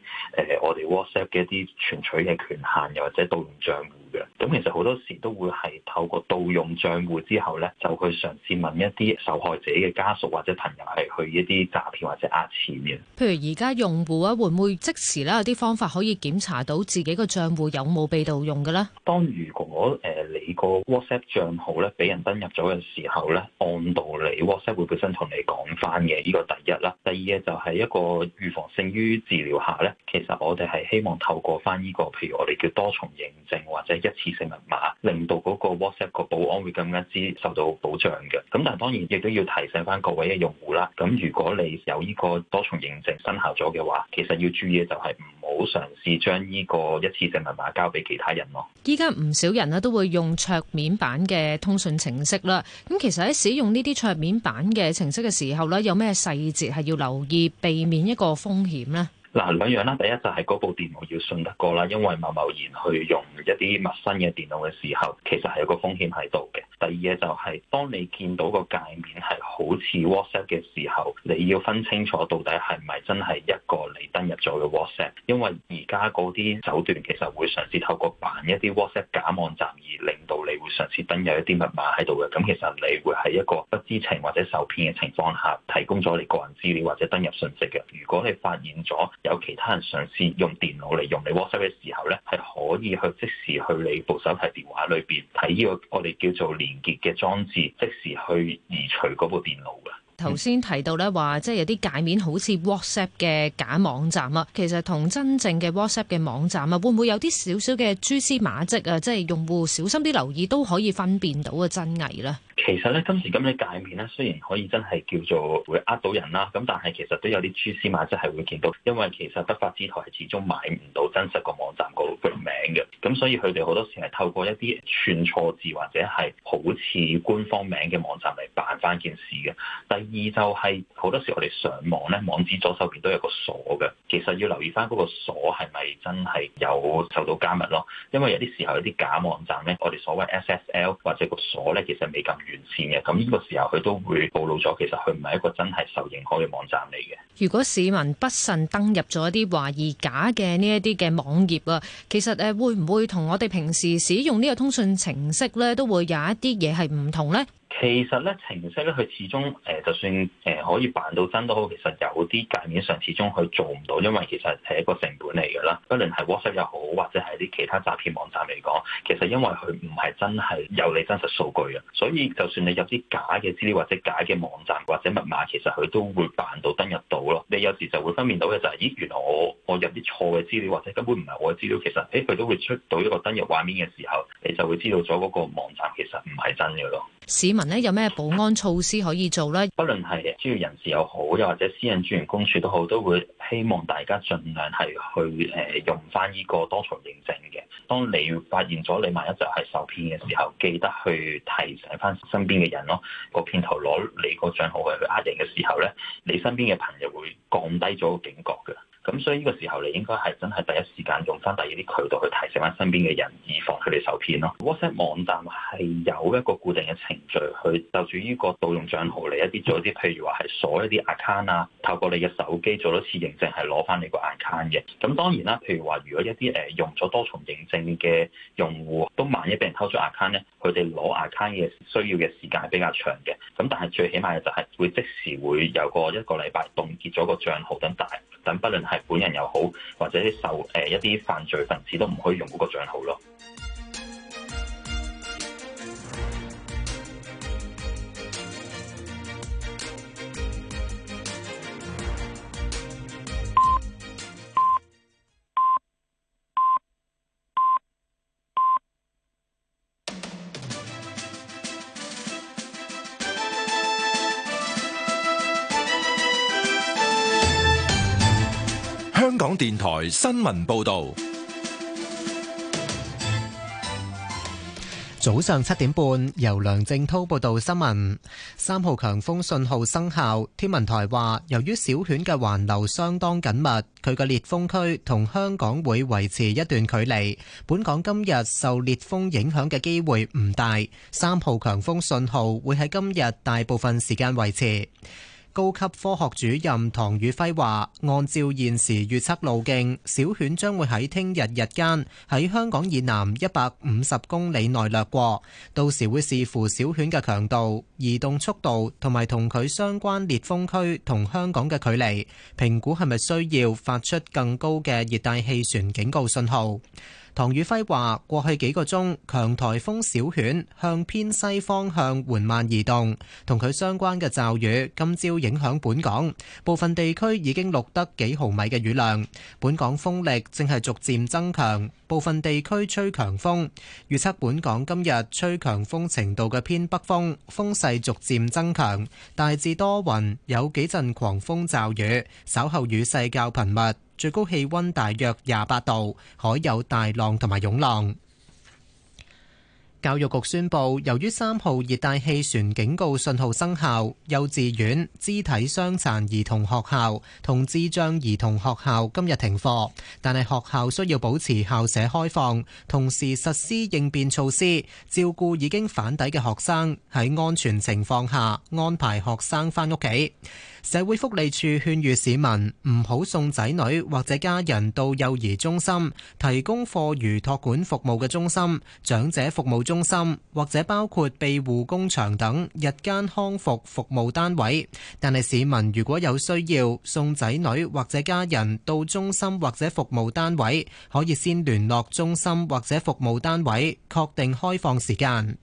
我哋 WhatsApp 嘅一啲存取嘅權限，又或者盜用帳戶。咁其實好多時都會係透過盜用賬戶之後咧，就去嘗試問一啲受害者嘅家屬或者朋友係去一啲詐騙或者呃錢嘅。譬如而家用戶啊，會唔會即時咧，有啲方法可以檢查到自己個賬戶有冇被盜用嘅咧？當如果誒你個 WhatsApp 賬號咧，俾人登入咗嘅時候咧，按道理 WhatsApp 會本身同你講翻嘅呢個第一啦。第二咧，就係一個預防勝於治療下咧，其實我哋係希望透過翻呢個譬如我哋叫多重認證或者。一次性密碼，令到嗰個 WhatsApp 個保安會更加之受到保障嘅。咁但係當然亦都要提醒翻各位嘅用戶啦。咁如果你有呢個多重認證生效咗嘅話，其實要注意嘅就係唔好嘗試將呢個一次性密碼交俾其他人咯。依家唔少人咧都會用桌面版嘅通訊程式啦。咁其實喺使用呢啲桌面版嘅程式嘅時候咧，有咩細節係要留意，避免一個風險呢？嗱兩樣啦，第一就係嗰部電腦要信得過啦，因為貿貿然去用一啲陌生嘅電腦嘅時候，其實係有個風險喺度嘅。第二嘅就係、是，當你見到個界面係好似 WhatsApp 嘅時候，你要分清楚到底係咪真係一個你登入咗嘅 WhatsApp，因為而家嗰啲手段其實會嘗試透過扮一啲 WhatsApp 假網站而令到你會嘗試登入一啲密碼喺度嘅。咁其實你會喺一個不知情或者受騙嘅情況下提供咗你個人資料或者登入信息嘅。如果你發現咗，有其他人嘗試用電腦嚟用你 WhatsApp 嘅時候咧，係可以去即時去你部手提電話裏邊睇呢個我哋叫做連結嘅裝置，即時去移除嗰部電腦嘅。頭先提到咧，話即係有啲界面好似 WhatsApp 嘅假網站啊，其實同真正嘅 WhatsApp 嘅網站啊，會唔會有啲少少嘅蛛絲馬跡啊？即係用戶小心啲留意都可以分辨到嘅真偽咧。其實咧，今時今日界面咧，雖然可以真係叫做會呃到人啦，咁但係其實都有啲蛛絲馬跡係會見到，因為其實不法之徒係始終買唔到真實個網站個名嘅，咁所以佢哋好多時係透過一啲串錯字或者係好似官方名嘅網站嚟辦翻件事嘅，但二就係、是、好多時我哋上網呢，網址左手邊都有個鎖嘅。其實要留意返嗰個鎖係咪真係有受到加密咯？因為有啲時候有啲假網站呢，我哋所謂 SSL 或者個鎖呢，其實未咁完善嘅。咁呢個時候佢都會暴露咗，其實佢唔係一個真係受認可嘅網站嚟嘅。如果市民不慎登入咗一啲懷疑假嘅呢一啲嘅網頁啊，其實誒會唔會同我哋平時使用呢個通訊程式呢，都會有一啲嘢係唔同呢？其實咧，程式咧，佢始終誒、呃，就算誒可以辦到真都好，其實有啲界面上始終佢做唔到，因為其實係一個成本嚟㗎啦。不論係 WhatsApp 又好，或者係啲其他詐騙網站嚟講，其實因為佢唔係真係有你真實數據啊，所以就算你有啲假嘅資料或者假嘅網站或者密碼，其實佢都會辦到登入到咯。你有時就會分辨到嘅就係、是、咦，原來我我入啲錯嘅資料或者根本唔係我嘅資料，其實誒佢都會出到一個登入畫面嘅時候，你就會知道咗嗰個網站其實唔係真嘅咯。市民咧，有咩保安措施可以做咧？不論係專業人士又好，又或者私人專員公署都好，都會希望大家盡量係去誒用翻呢個多重認證嘅。當你發現咗你萬一就係受騙嘅時候，記得去提醒翻身邊嘅人咯。個騙徒攞你個賬號嚟去呃人嘅時候咧，你身邊嘅朋友會降低咗警覺嘅。咁所以呢個時候，你應該係真係第一時間用翻第二啲渠道去提醒翻身邊嘅人，以防佢哋受騙咯。WhatsApp 網站係有一個固定嘅程序，去就住呢個盜用帳號嚟一啲做一啲，譬如話係鎖一啲 account 啊，透過你嘅手機做多次認證，係攞翻你個 account 嘅。咁當然啦、啊，譬如話如果一啲誒用咗多重認證嘅用戶，都萬一畀人偷咗 account 咧，佢哋攞 account 嘅需要嘅時間係比較長嘅。咁但係最起碼就係會即時會有個一個禮拜凍結咗個帳號等大，等不論。係本人又好，或者啲受誒、呃、一啲犯罪分子都唔可以用嗰個帳號咯。台新聞報道，早上七點半，由梁正濤報道新聞。三號強風信號生效，天文台話，由於小犬嘅環流相當緊密，佢嘅烈風區同香港會維持一段距離。本港今日受烈風影響嘅機會唔大，三號強風信號會喺今日大部分時間維持。高級科學主任唐宇輝話，按照現時預測路徑，小犬將會喺聽日日間喺香港以南一百五十公里內掠過，到時會視乎小犬嘅強度、移動速度同埋同佢相關烈風區同香港嘅距離，評估係咪需要發出更高嘅熱帶氣旋警告信號。唐宇輝話：過去幾個鐘，強颱風小犬向偏西方向緩慢移動，同佢相關嘅驟雨今朝影響本港，部分地區已經錄得幾毫米嘅雨量。本港風力正係逐漸增強，部分地區吹強風。預測本港今日吹強風程度嘅偏北風，風勢逐漸增強，大致多雲，有幾陣狂風驟雨，稍後雨勢較頻密。最高氣温大約廿八度，海有大浪同埋湧浪。教育局宣布，由於三號熱帶氣旋警告信號生效，幼稚園、肢體傷殘兒童學校同智障兒童學校今日停課，但係學校需要保持校舍開放，同時實施應變措施，照顧已經返抵嘅學生，喺安全情況下安排學生翻屋企。社會福利署勸喻市民唔好送仔女或者家人到幼兒中心、提供課餘託管服務嘅中心、長者服務中心或者包括庇護工場等日間康復服務單位。但係市民如果有需要送仔女或者家人到中心或者服務單位，可以先聯絡中心或者服務單位，確定開放時間。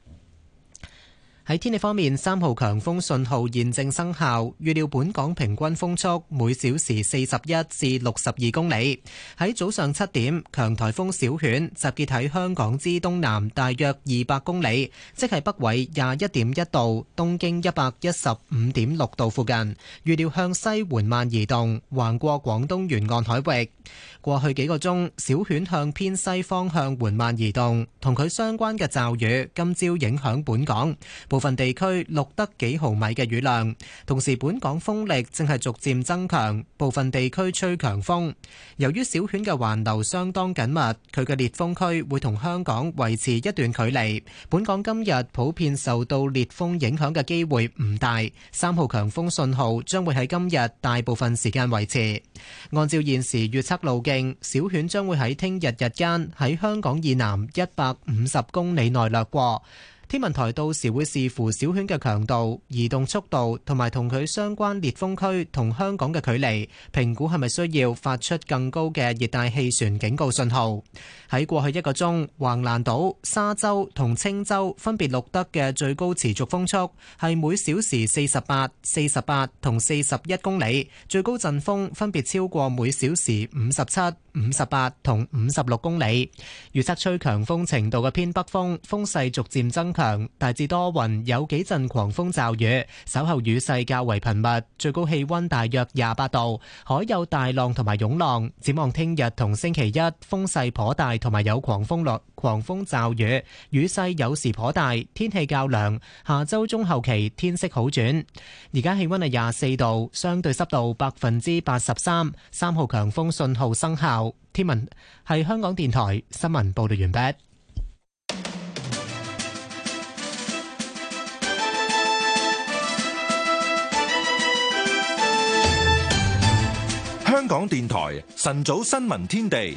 喺天氣方面，三號強風信號現正生效，預料本港平均風速每小時四十一至六十二公里。喺早上七點，強颱風小犬集結喺香港之東南大約二百公里，即係北緯廿一點一度、東經一百一十五點六度附近。預料向西緩慢移動，橫過廣東沿岸海域。過去幾個鐘，小犬向偏西方向緩慢移動，同佢相關嘅驟雨今朝影響本港。部分地區錄得幾毫米嘅雨量，同時本港風力正係逐漸增強，部分地區吹強風。由於小犬嘅環流相當緊密，佢嘅烈風區會同香港維持一段距離。本港今日普遍受到烈風影響嘅機會唔大，三號強風信號將會喺今日大部分時間維持。按照現時預測路徑，小犬將會喺聽日日間喺香港以南150公里內掠過。天文台到時會視乎小犬嘅強度、移動速度同埋同佢相關烈風區同香港嘅距離，評估係咪需要發出更高嘅熱帶氣旋警告信號。喺過去一個鐘，橫瀾島、沙洲同青洲分別錄得嘅最高持續風速係每小時四十八、四十八同四十一公里，最高陣風分別超過每小時五十七、五十八同五十六公里，預測吹強風程度嘅偏北風，風勢逐漸增強，大致多雲，有幾陣狂風驟雨，稍後雨勢較為頻密，最高氣温大約廿八度，海有大浪同埋湧浪。展望聽日同星期一，風勢頗大，同埋有狂風落、狂風驟雨，雨勢有時頗大，天氣較涼。下週中後期天色好轉。而家氣温係廿四度，相對濕度百分之八十三，三號強風信號生效。天文，係香港電台新聞報道完畢。香港電台晨早新聞天地，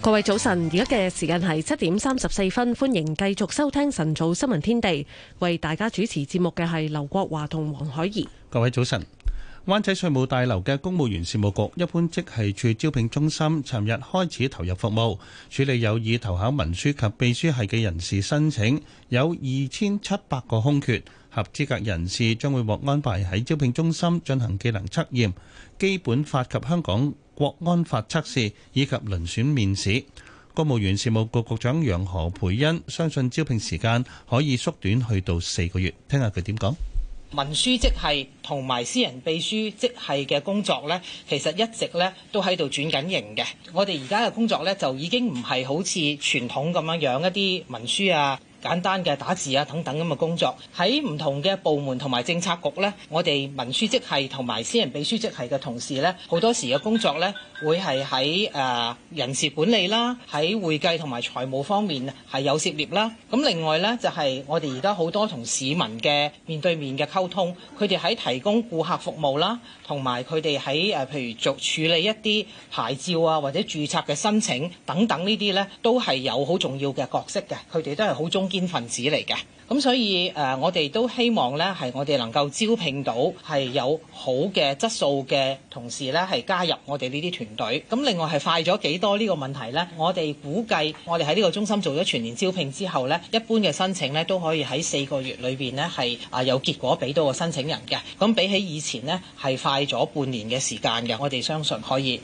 各位早晨，而家嘅時間係七點三十四分，歡迎繼續收聽晨早新聞天地。為大家主持節目嘅係劉國華同黃海怡。各位早晨。灣仔稅務大樓嘅公務員事務局一般職系處招聘中心，尋日開始投入服務，處理有意投考文書及秘書系嘅人士申請，有二千七百個空缺，合資格人士將會獲安排喺招聘中心進行技能測驗、基本法及香港國安法測試以及遴選面試。公務員事務局局，局長楊何蓓茵相信招聘時間可以縮短去到四個月，聽下佢點講。文書職系同埋私人秘書職系嘅工作咧，其實一直咧都喺度轉緊型嘅。我哋而家嘅工作咧，就已經唔係好似傳統咁樣樣一啲文書啊。簡單嘅打字啊等等咁嘅工作，喺唔同嘅部門同埋政策局呢，我哋文書職系同埋私人秘書職系嘅同事呢，好多時嘅工作呢會係喺誒人事管理啦，喺會計同埋財務方面係有涉獵啦。咁另外呢，就係我哋而家好多同市民嘅面對面嘅溝通，佢哋喺提供顧客服務啦，同埋佢哋喺誒譬如做處理一啲牌照啊或者註冊嘅申請等等呢啲呢，都係有好重要嘅角色嘅，佢哋都係好中堅分子嚟嘅咁，所以誒，我哋都希望呢，係我哋能夠招聘到係有好嘅質素嘅同事，呢係加入我哋呢啲團隊。咁另外係快咗幾多呢個問題呢？我哋估計我哋喺呢個中心做咗全年招聘之後呢，一般嘅申請呢都可以喺四個月裏邊呢係啊有結果俾到個申請人嘅。咁比起以前呢，係快咗半年嘅時間嘅，我哋相信可以。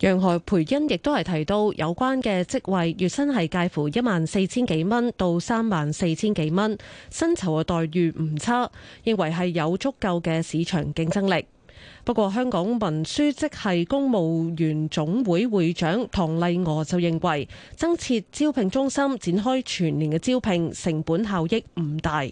楊海培恩亦都係提到有關嘅職位月薪係介乎一萬四千幾蚊到三萬四千幾蚊，薪酬嘅待遇唔差，認為係有足夠嘅市場競爭力。不過，香港文書職系公務員總會會長唐麗娥就認為，增設招聘中心展開全年嘅招聘，成本效益唔大。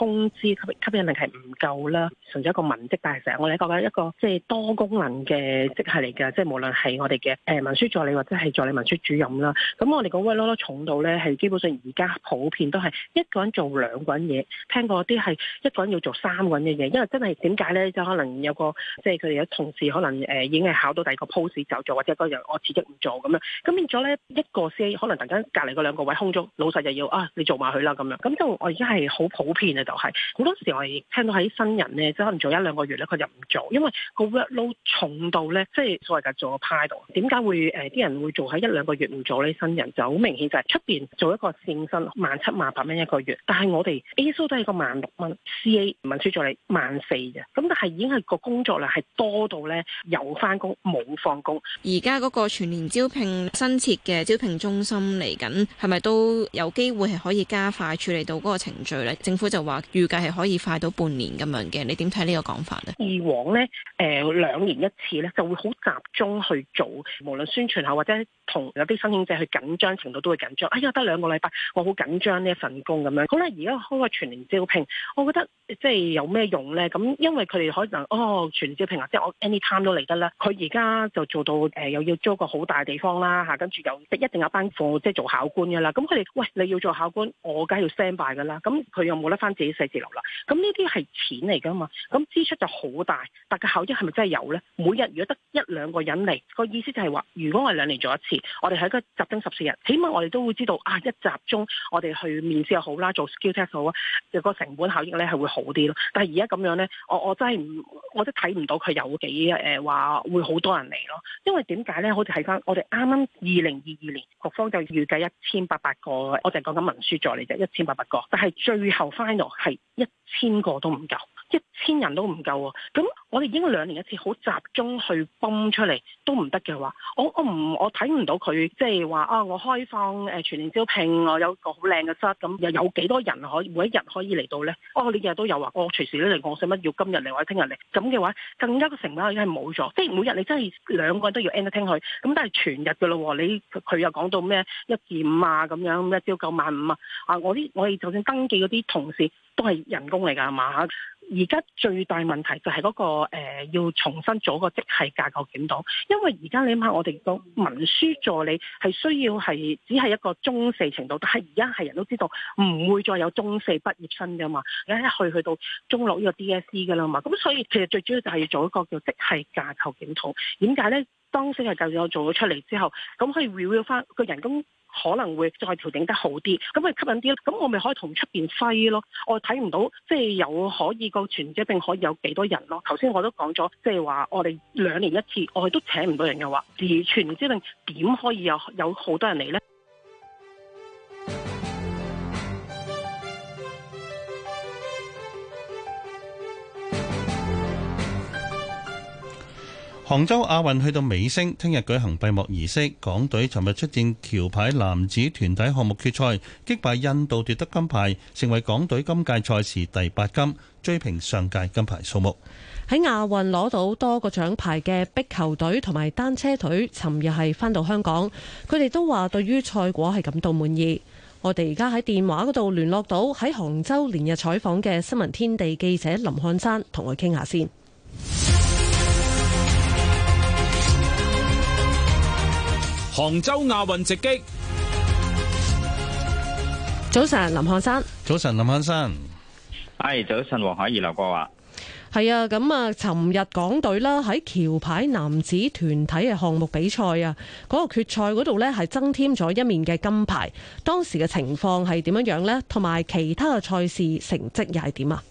工資吸吸引力係唔夠啦，純粹一個文職，但係成日我哋一個一個即係多功能嘅職系嚟嘅，即係無論係我哋嘅誒文書助理或者係助理文書主任啦。咁我哋個屈羅羅重到咧係基本上而家普遍都係一個人做兩個人嘢，聽過啲係一個人要做三個人嘅嘢，因為真係點解咧？就可能有個即係佢哋有同事可能誒已經係考到第二個 post 走咗，或者嗰日我辭職唔做咁樣，咁變咗咧一個 CA 可能突然間隔離嗰兩個位空咗，老實就要啊你做埋佢啦咁樣。咁就我而家係好普遍啊！又係好多時，我係聽到喺新人咧，即可能做一兩個月咧，佢就唔做，因為個 workload 重到咧，即係所謂就做 pilot。點解會誒啲人會做喺一兩個月唔做咧？新人就好明顯就係出邊做一個僱薪萬七萬八蚊一個月，但係我哋 ASO 都係個萬六蚊，CA 文書助理萬四嘅，咁但係已經係個工作量係多到咧，有翻工冇放工。而家嗰個全年招聘新設嘅招聘中心嚟緊，係咪都有機會係可以加快處理到嗰個程序咧？政府就話。預計係可以快到半年咁樣嘅，你點睇呢個講法咧？以往咧，誒、呃、兩年一次咧，就會好集中去做，無論宣傳下或者同有啲申請者去緊張程度都會緊張。哎呀，得兩個禮拜，我好緊張呢一份工咁樣。好啦，而家開個全年招聘，我覺得即係有咩用咧？咁因為佢哋可能哦，全年招聘啊，即係我 anytime 都嚟得啦。佢而家就做到誒、呃，又要租個好大地方啦，嚇，跟住又一定有班課即係做考官噶啦。咁佢哋喂，你要做考官，我梗係要 standby 噶啦。咁佢又冇得翻？啲細節啦，咁呢啲係錢嚟噶嘛，咁支出就好大，但個效益係咪真係有咧？每日如果得一兩個人嚟，個意思就係話，如果我哋兩年做一次，我哋喺個集中十四日，起碼我哋都會知道啊，一集中我哋去面試又好啦，做 skill test 好啊，個成本效益咧係會好啲咯。但係而家咁樣咧，我我真係唔，我都睇唔到佢有幾誒話、呃、會好多人嚟咯。因為點解咧？好似睇翻我哋啱啱二零二二年局方就預計一千八百個，我淨係講緊文書助理啫，一千八百個，但係最後 final。係一千個都唔夠。一千人都唔夠喎，咁我哋已經兩年一次好集中去崩出嚟都唔得嘅話，我我唔我睇唔到佢即係話啊！我開放誒全年招聘我有個好靚嘅質，咁、嗯、有有幾多人可以每一日可以嚟到呢？哦，你日日都有啊，我、哦、隨時嚟，我使乜、哦、要今日嚟，或者聽日嚟？咁嘅話更加嘅成本已經係冇咗，即係每日你真係兩個人都要 end 得聽佢，咁都係全日嘅咯喎！你佢又講到咩一至五啊咁樣，咩朝九晚五啊！啊，我啲我哋就算登記嗰啲同事都係人工嚟㗎係嘛？而家最大問題就係嗰、那個、呃、要重新做一個職系架構檢討，因為而家你諗下，我哋個文書助理係需要係只係一個中四程度，但係而家係人都知道唔會再有中四畢業生噶嘛，你一去去到中六呢個 DSE 噶啦嘛，咁所以其實最主要就係要做一個叫職系架構檢討，點解咧？當時係究竟我做咗出嚟之後，咁可以 review 翻個人工，可能會再調整得好啲，咁咪吸引啲咯。咁我咪可以同出邊揮咯。我睇唔到，即係有可以個全職病可以有幾多人咯。頭先我都講咗，即係話我哋兩年一次，我哋都請唔到人嘅話，而全職病點可以有有好多人嚟呢？杭州亞運去到尾聲，聽日舉行閉幕儀式。港隊尋日出戰橋牌男子團體項目決賽，擊敗印度奪得金牌，成為港隊今屆賽事第八金，追平上屆金牌數目。喺亞運攞到多個獎牌嘅壁球隊同埋單車隊，尋日係翻到香港，佢哋都話對於賽果係感到滿意。我哋而家喺電話嗰度聯絡到喺杭州連日採訪嘅新聞天地記者林漢山，同我傾下先。杭州亞運直擊，早晨林漢生。早晨林漢生係早晨黃海怡，劉國華啊，係啊，咁、嗯、啊，尋日港隊啦喺橋牌男子團體嘅項目比賽啊，嗰、嗰個決賽嗰度呢，係增添咗一面嘅金牌，當時嘅情況係點樣樣呢？同埋其他嘅賽事成績又係點啊？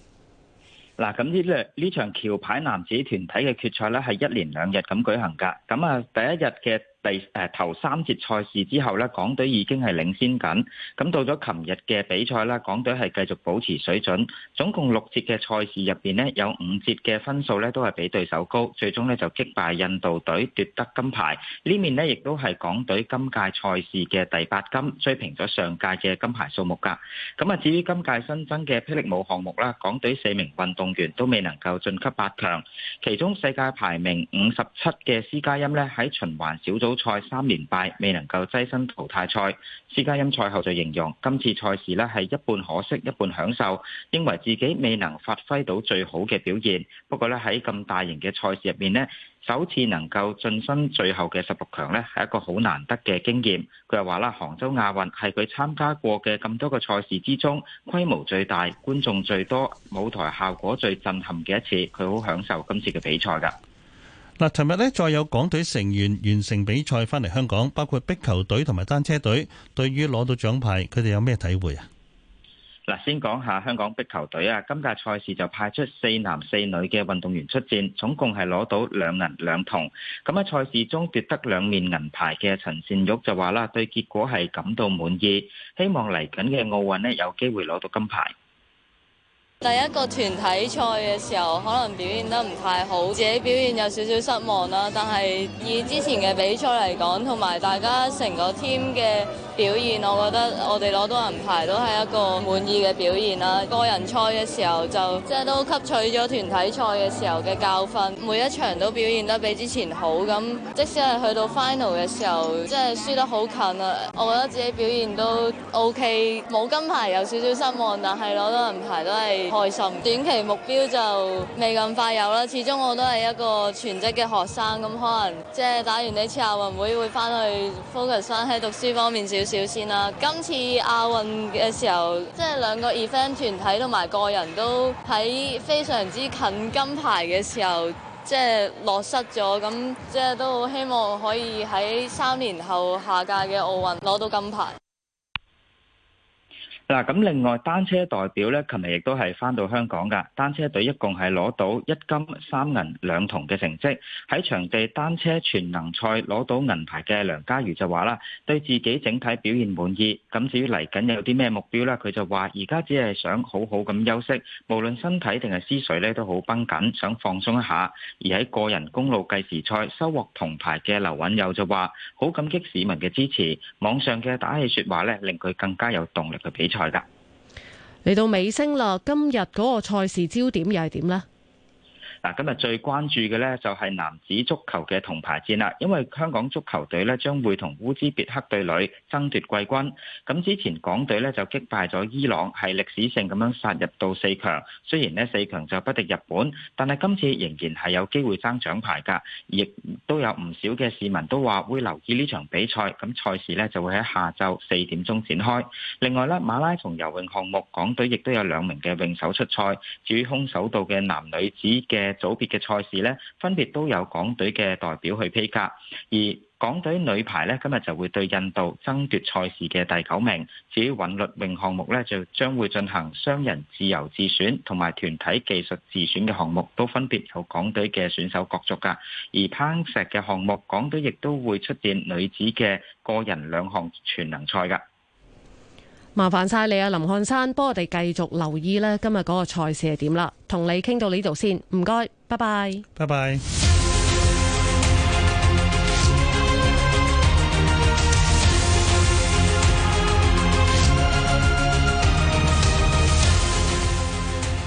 嗱、嗯，咁呢呢場橋牌男子團體嘅決賽呢，係一連兩日咁舉行噶，咁、嗯、啊第一日嘅。第誒頭三節賽事之後咧，港隊已經係領先緊。咁到咗琴日嘅比賽咧，港隊係繼續保持水準。總共六節嘅賽事入邊咧，有五節嘅分數咧都係比對手高。最終咧就擊敗印度隊奪得金牌。呢面咧亦都係港隊今屆賽事嘅第八金，追平咗上屆嘅金牌數目噶。咁啊，至於今屆新增嘅霹靂舞項目啦，港隊四名運動員都未能夠晉級八強。其中世界排名五十七嘅施嘉音咧喺循環小組比賽三連敗，未能夠躋身淘汰賽。施嘉欣賽後就形容今次賽事呢係一半可惜一半享受，認為自己未能發揮到最好嘅表現。不過呢，喺咁大型嘅賽事入面呢，首次能夠晉身最後嘅十六強呢係一個好難得嘅經驗。佢又話啦，杭州亞運係佢參加過嘅咁多個賽事之中規模最大、觀眾最多、舞台效果最震撼嘅一次。佢好享受今次嘅比賽㗎。嗱，尋日呢再有港隊成員完成比賽返嚟香港，包括壁球隊同埋單車隊，對於攞到獎牌，佢哋有咩體會啊？嗱，先講下香港壁球隊啊，今屆賽事就派出四男四女嘅運動員出戰，總共係攞到兩銀兩銅。咁喺賽事中奪得兩面銀牌嘅陳善玉就話啦，對結果係感到滿意，希望嚟緊嘅奧運呢，有機會攞到金牌。第一個團體賽嘅時候，可能表現得唔太好，自己表現有少少失望啦。但係以之前嘅比賽嚟講，同埋大家成個 team 嘅表現，我覺得我哋攞到銀牌都係一個滿意嘅表現啦。個人賽嘅時候就即係都吸取咗團體賽嘅時候嘅教訓，每一場都表現得比之前好。咁即使係去到 final 嘅時候，即係輸得好近啊，我覺得自己表現都 OK，冇金牌有少少失望，但係攞到銀牌都係開心，短期目標就未咁快有啦。始終我都係一個全職嘅學生，咁可能即係打完呢次亞運會會翻去 focus 翻喺讀書方面少少先啦。今次亞運嘅時候，即係兩個 event 團體同埋個人都喺非常之近金牌嘅時候，即係落失咗，咁即係都好希望可以喺三年後下屆嘅奧運攞到金牌。嗱，咁另外單車代表咧，琴日亦都係翻到香港噶。單車隊一共係攞到一金三銀兩銅嘅成績。喺場地單車全能賽攞到銀牌嘅梁家瑜就話啦，對自己整體表現滿意。咁至於嚟緊有啲咩目標咧，佢就話而家只係想好好咁休息，無論身體定係思緒咧都好繃緊，想放鬆一下。而喺個人公路計時賽收穫銅牌嘅劉允佑就話，好感激市民嘅支持，網上嘅打氣説話咧令佢更加有動力嘅比賽。嚟到尾聲啦。今日個賽事焦點又係點咧？嗱，今日最關注嘅咧就係男子足球嘅銅牌戰啦，因為香港足球隊咧將會同烏茲別克隊咧爭奪季軍，咁之前港隊咧就擊敗咗伊朗，係歷史性咁樣殺入到四強，雖然咧四強就不敵日本，但係今次仍然係有機會爭獎牌噶，亦都有唔少嘅市民都話會留意呢場比賽，咁賽事咧就會喺下晝四點鐘展開，另外咧，馬拉松游泳項目，港隊亦都有兩名嘅泳手出賽，至於空手道嘅男女子嘅。組別嘅賽事呢，分別都有港隊嘅代表去披甲，而港隊女排呢，今日就會對印度爭奪賽事嘅第九名。至於韻律泳項目呢，就將會進行雙人自由自選同埋團體技術自選嘅項目，都分別由港隊嘅選手角逐噶。而攀石嘅項目，港隊亦都會出戰女子嘅個人兩項全能賽噶。麻煩晒你啊，林漢山，幫我哋繼續留意咧今日嗰個賽事係點啦。同你傾到呢度先，唔該，拜拜。拜拜 bye。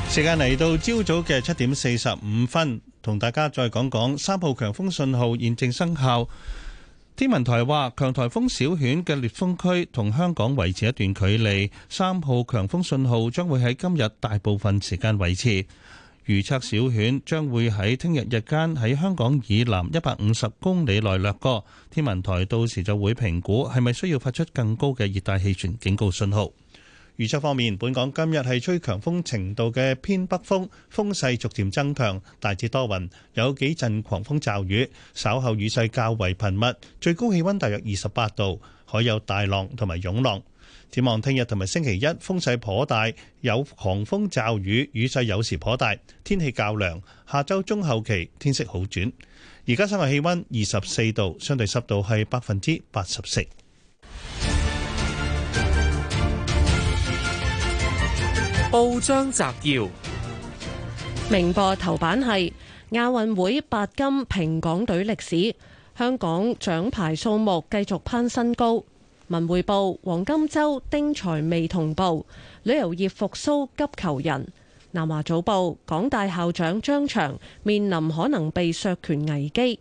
時間嚟到朝早嘅七點四十五分，同大家再講講三號強風信號現正生效。天文台話，強颱風小犬嘅烈風區同香港維持一段距離，三號強風信號將會喺今日大部分時間維持。預測小犬將會喺聽日日間喺香港以南一百五十公里內掠過，天文台到時就會評估係咪需要發出更高嘅熱帶氣旋警告信號。預測方面，本港今日係吹強風程度嘅偏北風，風勢逐漸增強，大致多雲，有幾陣狂風驟雨。稍後雨勢較為頻密，最高氣溫大約二十八度，海有大浪同埋湧浪。展望聽日同埋星期一，風勢頗大，有狂風驟雨，雨勢有時頗大，天氣較涼。下周中後期天色好轉。而家室外氣溫二十四度，相對濕度係百分之八十四。報章摘要：明報頭版係亞運會八金，平港隊歷史；香港獎牌數目繼續攀新高。文匯報：黃金周丁財未同步，旅遊業復蘇急求人。南華早報：港大校長張翔面臨可能被削權危機。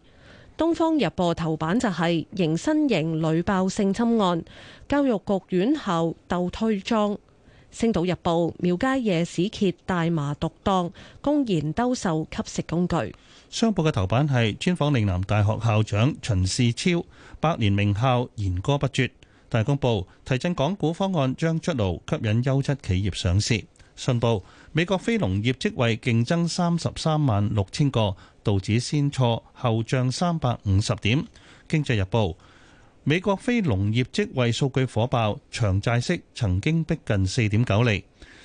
東方日報頭版就係、是：迎新營屢爆性侵案，教育局院校鬥推樁。《星島日報》廟街夜市揭大麻毒檔，公然兜售吸食工具。商報嘅頭版係專訪嶺南大學校長秦士超，百年名校弦歌不絕。大公報，提振港股方案將出爐，吸引優質企業上市。信報，美國非農業職位競爭三十三萬六千個，道指先挫後漲三百五十點。經濟日報美國非農業職位數據火爆，長債息曾經逼近四點九厘。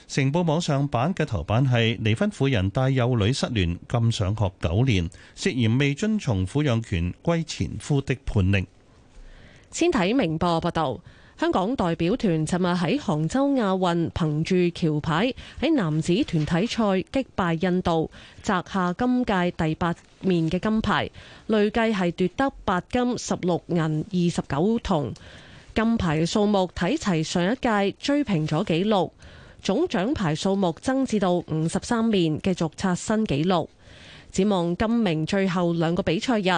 成報網上版嘅頭版係離婚婦人帶幼女失聯，禁上學九年，涉嫌未遵從撫養權歸前夫的判令。先睇明報報道。香港代表團尋日喺杭州亞運憑住橋牌喺男子團體賽擊敗印度，摘下今屆第八面嘅金牌，累計係奪得八金、十六銀、二十九銅，金牌嘅數目，睇齊上一屆追平咗紀錄，總獎牌數目增至到五十三面，繼續刷新紀錄，展望今明最後兩個比賽日，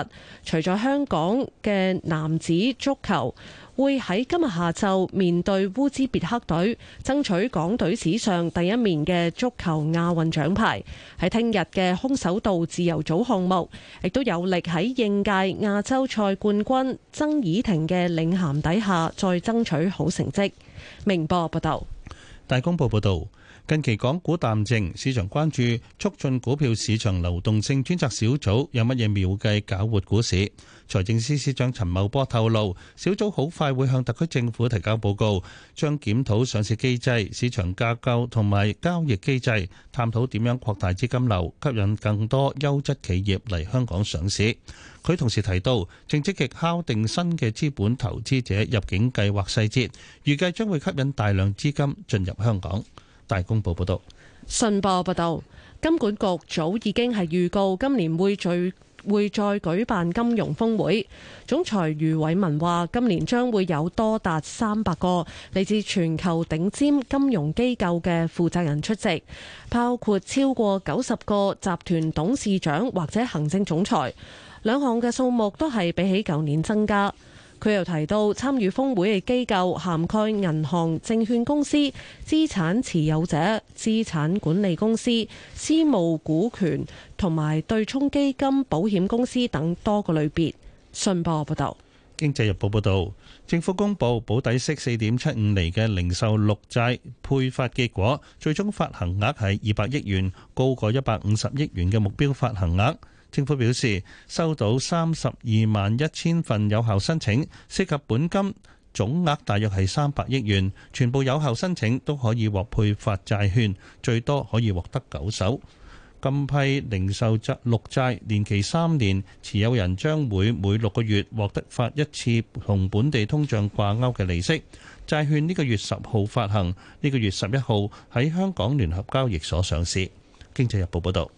除咗香港嘅男子足球，會喺今日下晝面對烏茲別克隊，爭取港隊史上第一面嘅足球亞運獎牌。喺聽日嘅空手道自由組項目，亦都有力喺應屆亞洲賽冠軍曾爾婷嘅領銜底下，再爭取好成績。明報報，報道，大公報報道。近期港股淡靜，市場關注，促進股票市場流動性專責小組，有乜嘢妙計搞活股市。財政司司長陳茂波透露，小組好快會向特區政府提交報告，將檢討上市機制，市場架構，同埋交易機制，探討點樣擴大資金流，吸引更多優質企業嚟香港上市。佢同時提到，正積極敲定新嘅資本投資者入境計劃細節，預計將會吸引大量資金進入香港。大公報報道，信報報道，金管局早已經係預告今年會聚會再舉辦金融峰會。總裁余偉文話，今年將會有多達三百個嚟自全球頂尖金融機構嘅負責人出席，包括超過九十個集團董事長或者行政總裁，兩項嘅數目都係比起舊年增加。佢又提到，參與峰會嘅機構涵蓋銀行、證券公司、資產持有者、資產管理公司、私募股權同埋對沖基金、保險公司等多個類別。信報、啊、報道，《經濟日報》報道，政府公布保底息四點七五厘嘅零售綠債配發結果，最終發行額係二百億元，高過一百五十億元嘅目標發行額。政府表示收到三十二萬一千份有效申請，涉及本金總額大約係三百億元。全部有效申請都可以獲配發債券，最多可以獲得九手。近批零售債六債年期三年，持有人將會每六個月獲得發一次同本地通脹掛鈎嘅利息。債券呢個月十號發行，呢個月十一號喺香港聯合交易所上市。經濟日報報道，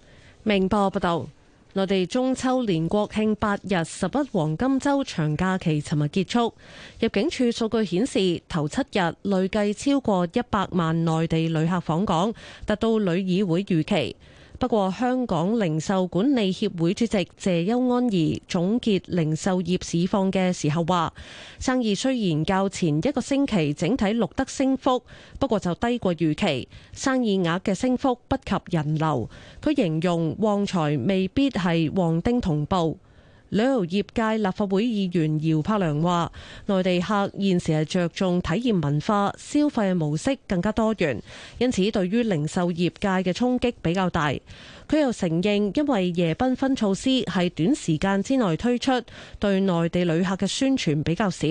明報報道。內地中秋連國慶八日十一黃金周長假期尋日結束，入境處數據顯示，頭七日累計超過一百萬內地旅客訪港，達到旅議會預期。不過，香港零售管理協會主席謝邱安儀總結零售業市況嘅時候話，生意雖然較前一個星期整體錄得升幅，不過就低過預期，生意額嘅升幅不及人流。佢形容旺財未必係旺丁同步。旅遊業界立法會議員姚柏良話：內地客現時係着重體驗文化，消費嘅模式更加多元，因此對於零售業界嘅衝擊比較大。佢又承認，因為夜繽紛措施係短時間之內推出，對內地旅客嘅宣傳比較少，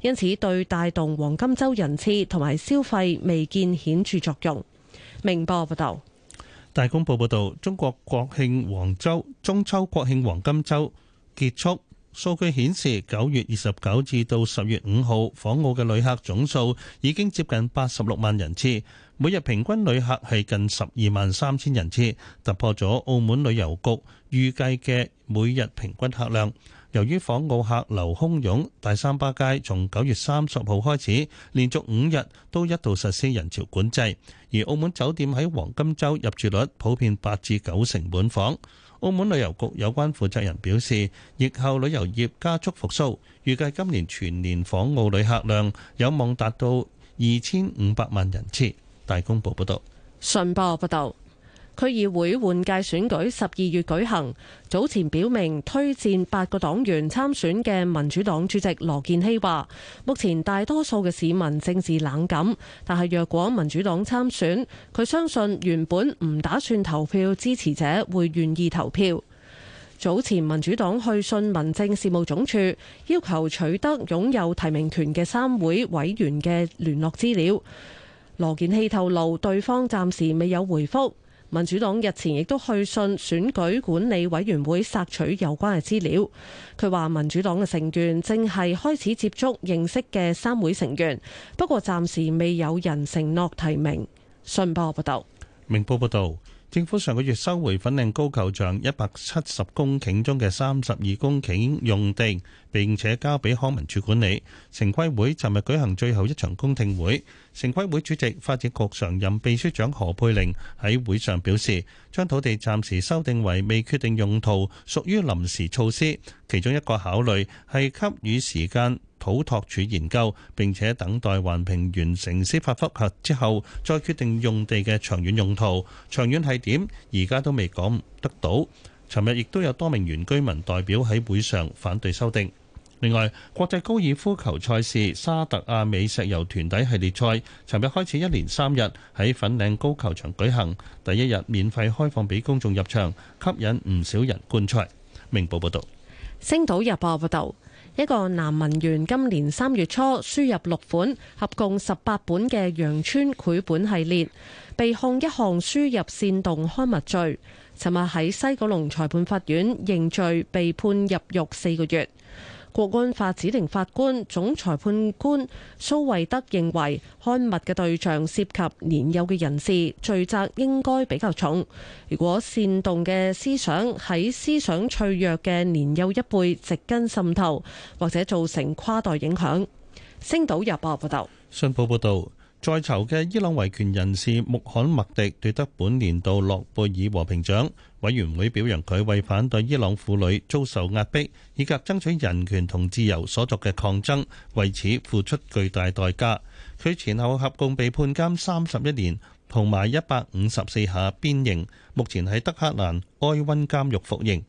因此對帶動黃金周人次同埋消費未見顯著作用。明報報道。大公報報道：中國國慶黃州中秋國慶黃金周結束。數據顯示，九月二十九至到十月五號訪澳嘅旅客總數已經接近八十六萬人次，每日平均旅客係近十二萬三千人次，突破咗澳門旅遊局預計嘅每日平均客量。由於訪澳客流洶湧，大三巴街從九月三十號開始連續五日都一度實施人潮管制，而澳門酒店喺黃金週入住率普遍八至九成滿房。澳門旅遊局有關負責人表示，疫後旅遊業加速復甦，預計今年全年訪澳旅客量有望達到二千五百萬人次。大公報報道，信報報道。區議會換屆選舉十二月舉行，早前表明推薦八個黨員參選嘅民主黨主席羅建熙話：目前大多數嘅市民政治冷感，但係若果民主黨參選，佢相信原本唔打算投票支持者會願意投票。早前民主黨去信民政事務總署，要求取得擁有提名權嘅三會委員嘅聯絡資料。羅建熙透露，對方暫時未有回覆。民主黨日前亦都去信選舉管理委員會，索取有關嘅資料。佢話民主黨嘅成員正係開始接觸認識嘅三會成員，不過暫時未有人承諾提名。信報報道，明報報道。政府上個月收回粉嶺高球場170公頃中嘅32公頃用地，並且交俾康文署管理。城規會尋日舉行最後一場公聽會。城規會主席發展局常任秘書長何佩玲，喺會上表示，將土地暫時修訂為未決定用途，屬於臨時措施。其中一個考慮係給予時間妥託處研究，並且等待環評完成司法覆核之後，再決定用地嘅長遠用途。長遠係點，而家都未講得到。尋日亦都有多名原居民代表喺會上反對修訂。另外，國際高爾夫球賽事沙特阿美石油團體系列賽，尋日開始一連三日喺粉嶺高球場舉行。第一日免費開放俾公眾入場，吸引唔少人觀賽。明報報導，星島日報報導。一個男文員今年三月初輸入六款合共十八本嘅羊村繪本系列，被控一項輸入煽動刊物罪，尋日喺西九龍裁判法院認罪，被判入獄四個月。國安法指定法官、總裁判官蘇惠德認為，刊物嘅對象涉及年幼嘅人士，罪責應該比較重。如果煽動嘅思想喺思想脆弱嘅年幼一輩植根滲透，或者造成跨代影響。星島日報報道，信報報道，在囚嘅伊朗維權人士穆罕默迪奪得本年度諾貝爾和平獎。委員會表揚佢為反對伊朗婦女遭受壓迫以及爭取人權同自由所作嘅抗爭，為此付出巨大代價。佢前後合共被判監三十一年，同埋一百五十四下鞭刑，目前喺德黑蘭埃温監獄服刑。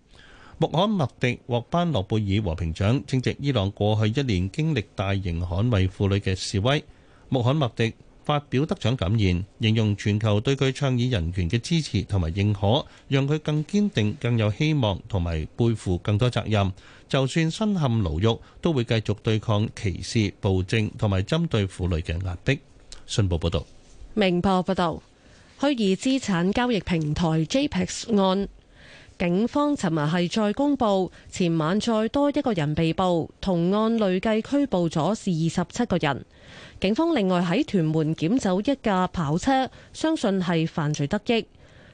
穆罕默迪獲頒諾貝爾和平獎，正值伊朗過去一年經歷大型捍衛婦女嘅示威。穆罕默迪發表得獎感言，形容全球對佢倡議人權嘅支持同埋認可，讓佢更堅定、更有希望同埋背負更多責任。就算身陷牢獄，都會繼續對抗歧視、暴政同埋針對婦女嘅壓迫。信報報道：明報報道虛擬資產交易平台 JPEX 案。警方尋日係再公布，前晚再多一個人被捕，同案累計拘捕咗是二十七個人。警方另外喺屯門檢走一架跑車，相信係犯罪得益。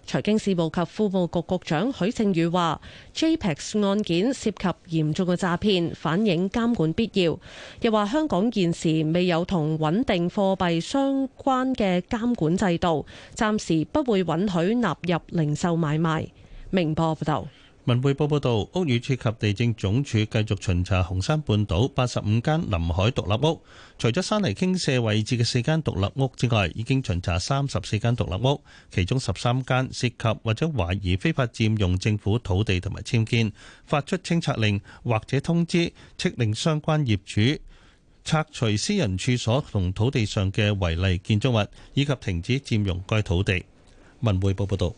財經事務及庫務局局，局長許正宇話：JPEX 案件涉及嚴重嘅詐騙，反映監管必要。又話香港現時未有同穩定貨幣相關嘅監管制度，暫時不會允許納入零售買賣。明報報道，文匯報報道，屋宇署及地政總署繼續巡查紅山半島八十五間臨海獨立屋，除咗山泥傾瀉位置嘅四間獨立屋之外，已經巡查三十四間獨立屋，其中十三間涉及或者懷疑非法佔用政府土地同埋僭建，發出清拆令或者通知，斥令相關業主拆除私人處所同土地上嘅違例建築物，以及停止佔用該土地。文匯報報道。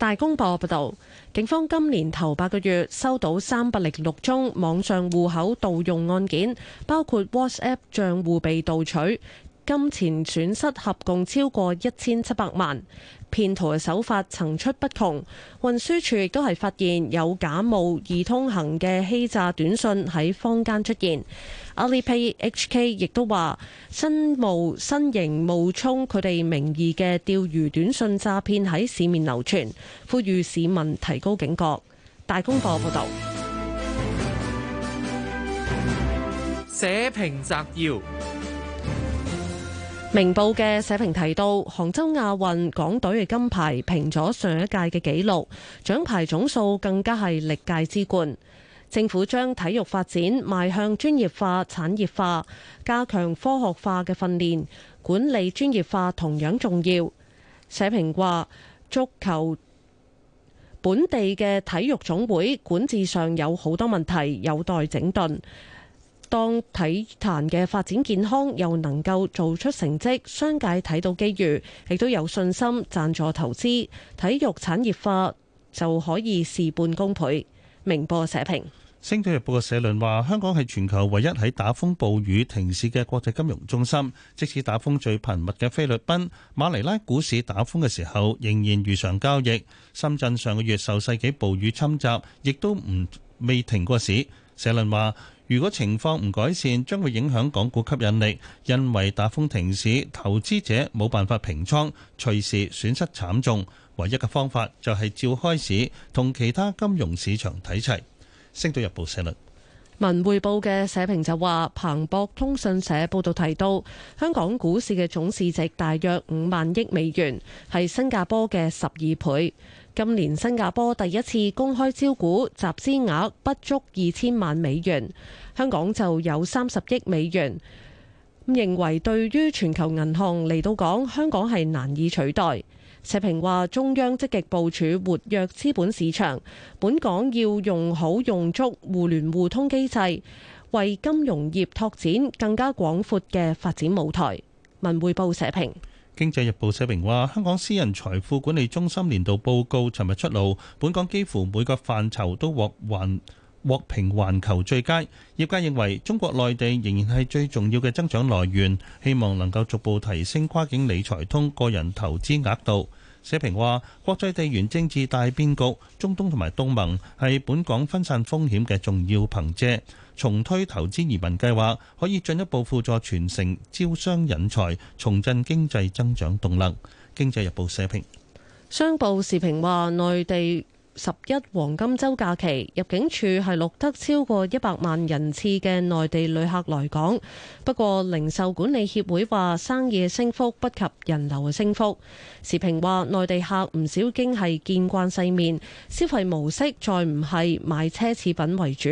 大公報報道，警方今年頭八個月收到三百零六宗網上戶口盜用案件，包括 WhatsApp 賬戶被盜取，金錢損失合共超過一千七百萬。騙徒嘅手法層出不窮，運輸署亦都係發現有假冒易通行嘅欺詐短信喺坊間出現。AlipayHK 亦都話，新冒新型冒充佢哋名義嘅釣魚短信詐騙喺市面流傳，呼籲市民提高警覺。大公報報道：社評摘要。明報嘅社評提到，杭州亞運港隊嘅金牌平咗上一屆嘅紀錄，獎牌總數更加係歷屆之冠。政府將體育發展邁向專業化、產業化，加強科學化嘅訓練，管理專業化同樣重要。社評話，足球本地嘅體育總會管治上有好多問題，有待整頓。當體壇嘅發展健康，又能夠做出成績，商界睇到機遇，亦都有信心贊助投資，體育產業化就可以事半功倍。明報社評，《星島日報》嘅社論話：香港係全球唯一喺打風暴雨停市嘅國際金融中心。即使打風最頻密嘅菲律賓馬尼拉股市打風嘅時候，仍然如常交易。深圳上個月受世紀暴雨侵襲，亦都唔未停過市。社論話。如果情況唔改善，將會影響港股吸引力，因為打風停市，投資者冇辦法平倉，隨時損失慘重。唯一嘅方法就係照開市，同其他金融市場睇齊。《星島日報》社論，文匯報嘅社評就話，彭博通訊社報道提到，香港股市嘅總市值大約五萬億美元，係新加坡嘅十二倍。今年新加坡第一次公開招股，集資額不足二千萬美元，香港就有三十億美元。認為對於全球銀行嚟到港，香港係難以取代。社評話中央積極部署活躍資本市場，本港要用好用足互聯互通機制，為金融業拓展更加廣闊嘅發展舞台。文匯報社評。經濟日報社評話，香港私人財富管理中心年度報告尋日出爐，本港幾乎每個範疇都獲環獲評環球最佳。業界認為中國內地仍然係最重要嘅增長來源，希望能夠逐步提升跨境理財通個人投資額度。社評話，國際地緣政治大變局，中東同埋東盟係本港分散風險嘅重要憑借。重推投資移民計劃，可以進一步輔助全城招商引才，重振經濟增長動力。經濟日報社評，商報時評話，內地。十一黃金周假期，入境處係錄得超過一百萬人次嘅內地旅客來港。不過，零售管理協會話生意升幅不及人流嘅升幅。時評話，內地客唔少經係見慣世面，消費模式再唔係買奢侈品為主，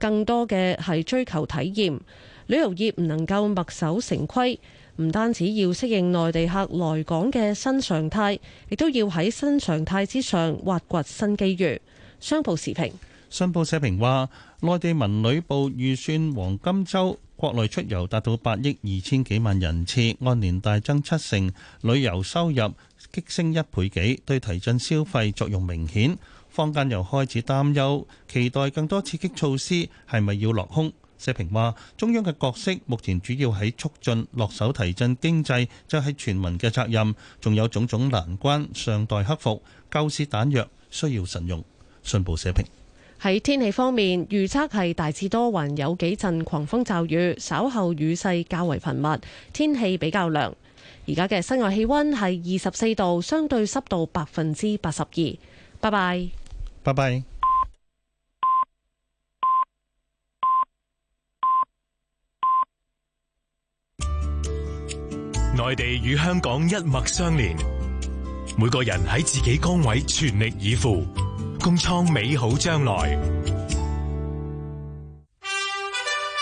更多嘅係追求體驗。旅遊業唔能夠墨守成規。唔單止要適應內地客來港嘅新常態，亦都要喺新常態之上挖掘新機遇。商報時評，商報社評話：內地文旅部預算黃金週國內出遊達到八億二千幾萬人次，按年大增七成，旅遊收入激升一倍幾，對提振消費作用明顯。坊間又開始擔憂，期待更多刺激措施，係咪要落空？社評話，中央嘅角色目前主要喺促進落手提振經濟，就係全民嘅責任。仲有種種難關尚待克服，救市彈藥需要慎用。信報社評喺天氣方面預測係大致多雲，有幾陣狂風驟雨，稍後雨勢較為頻密，天氣比較涼。而家嘅室外氣温係二十四度，相對濕度百分之八十二。拜拜，拜拜。內地與香港一脈相連，每個人喺自己崗位全力以赴，共創美好將來。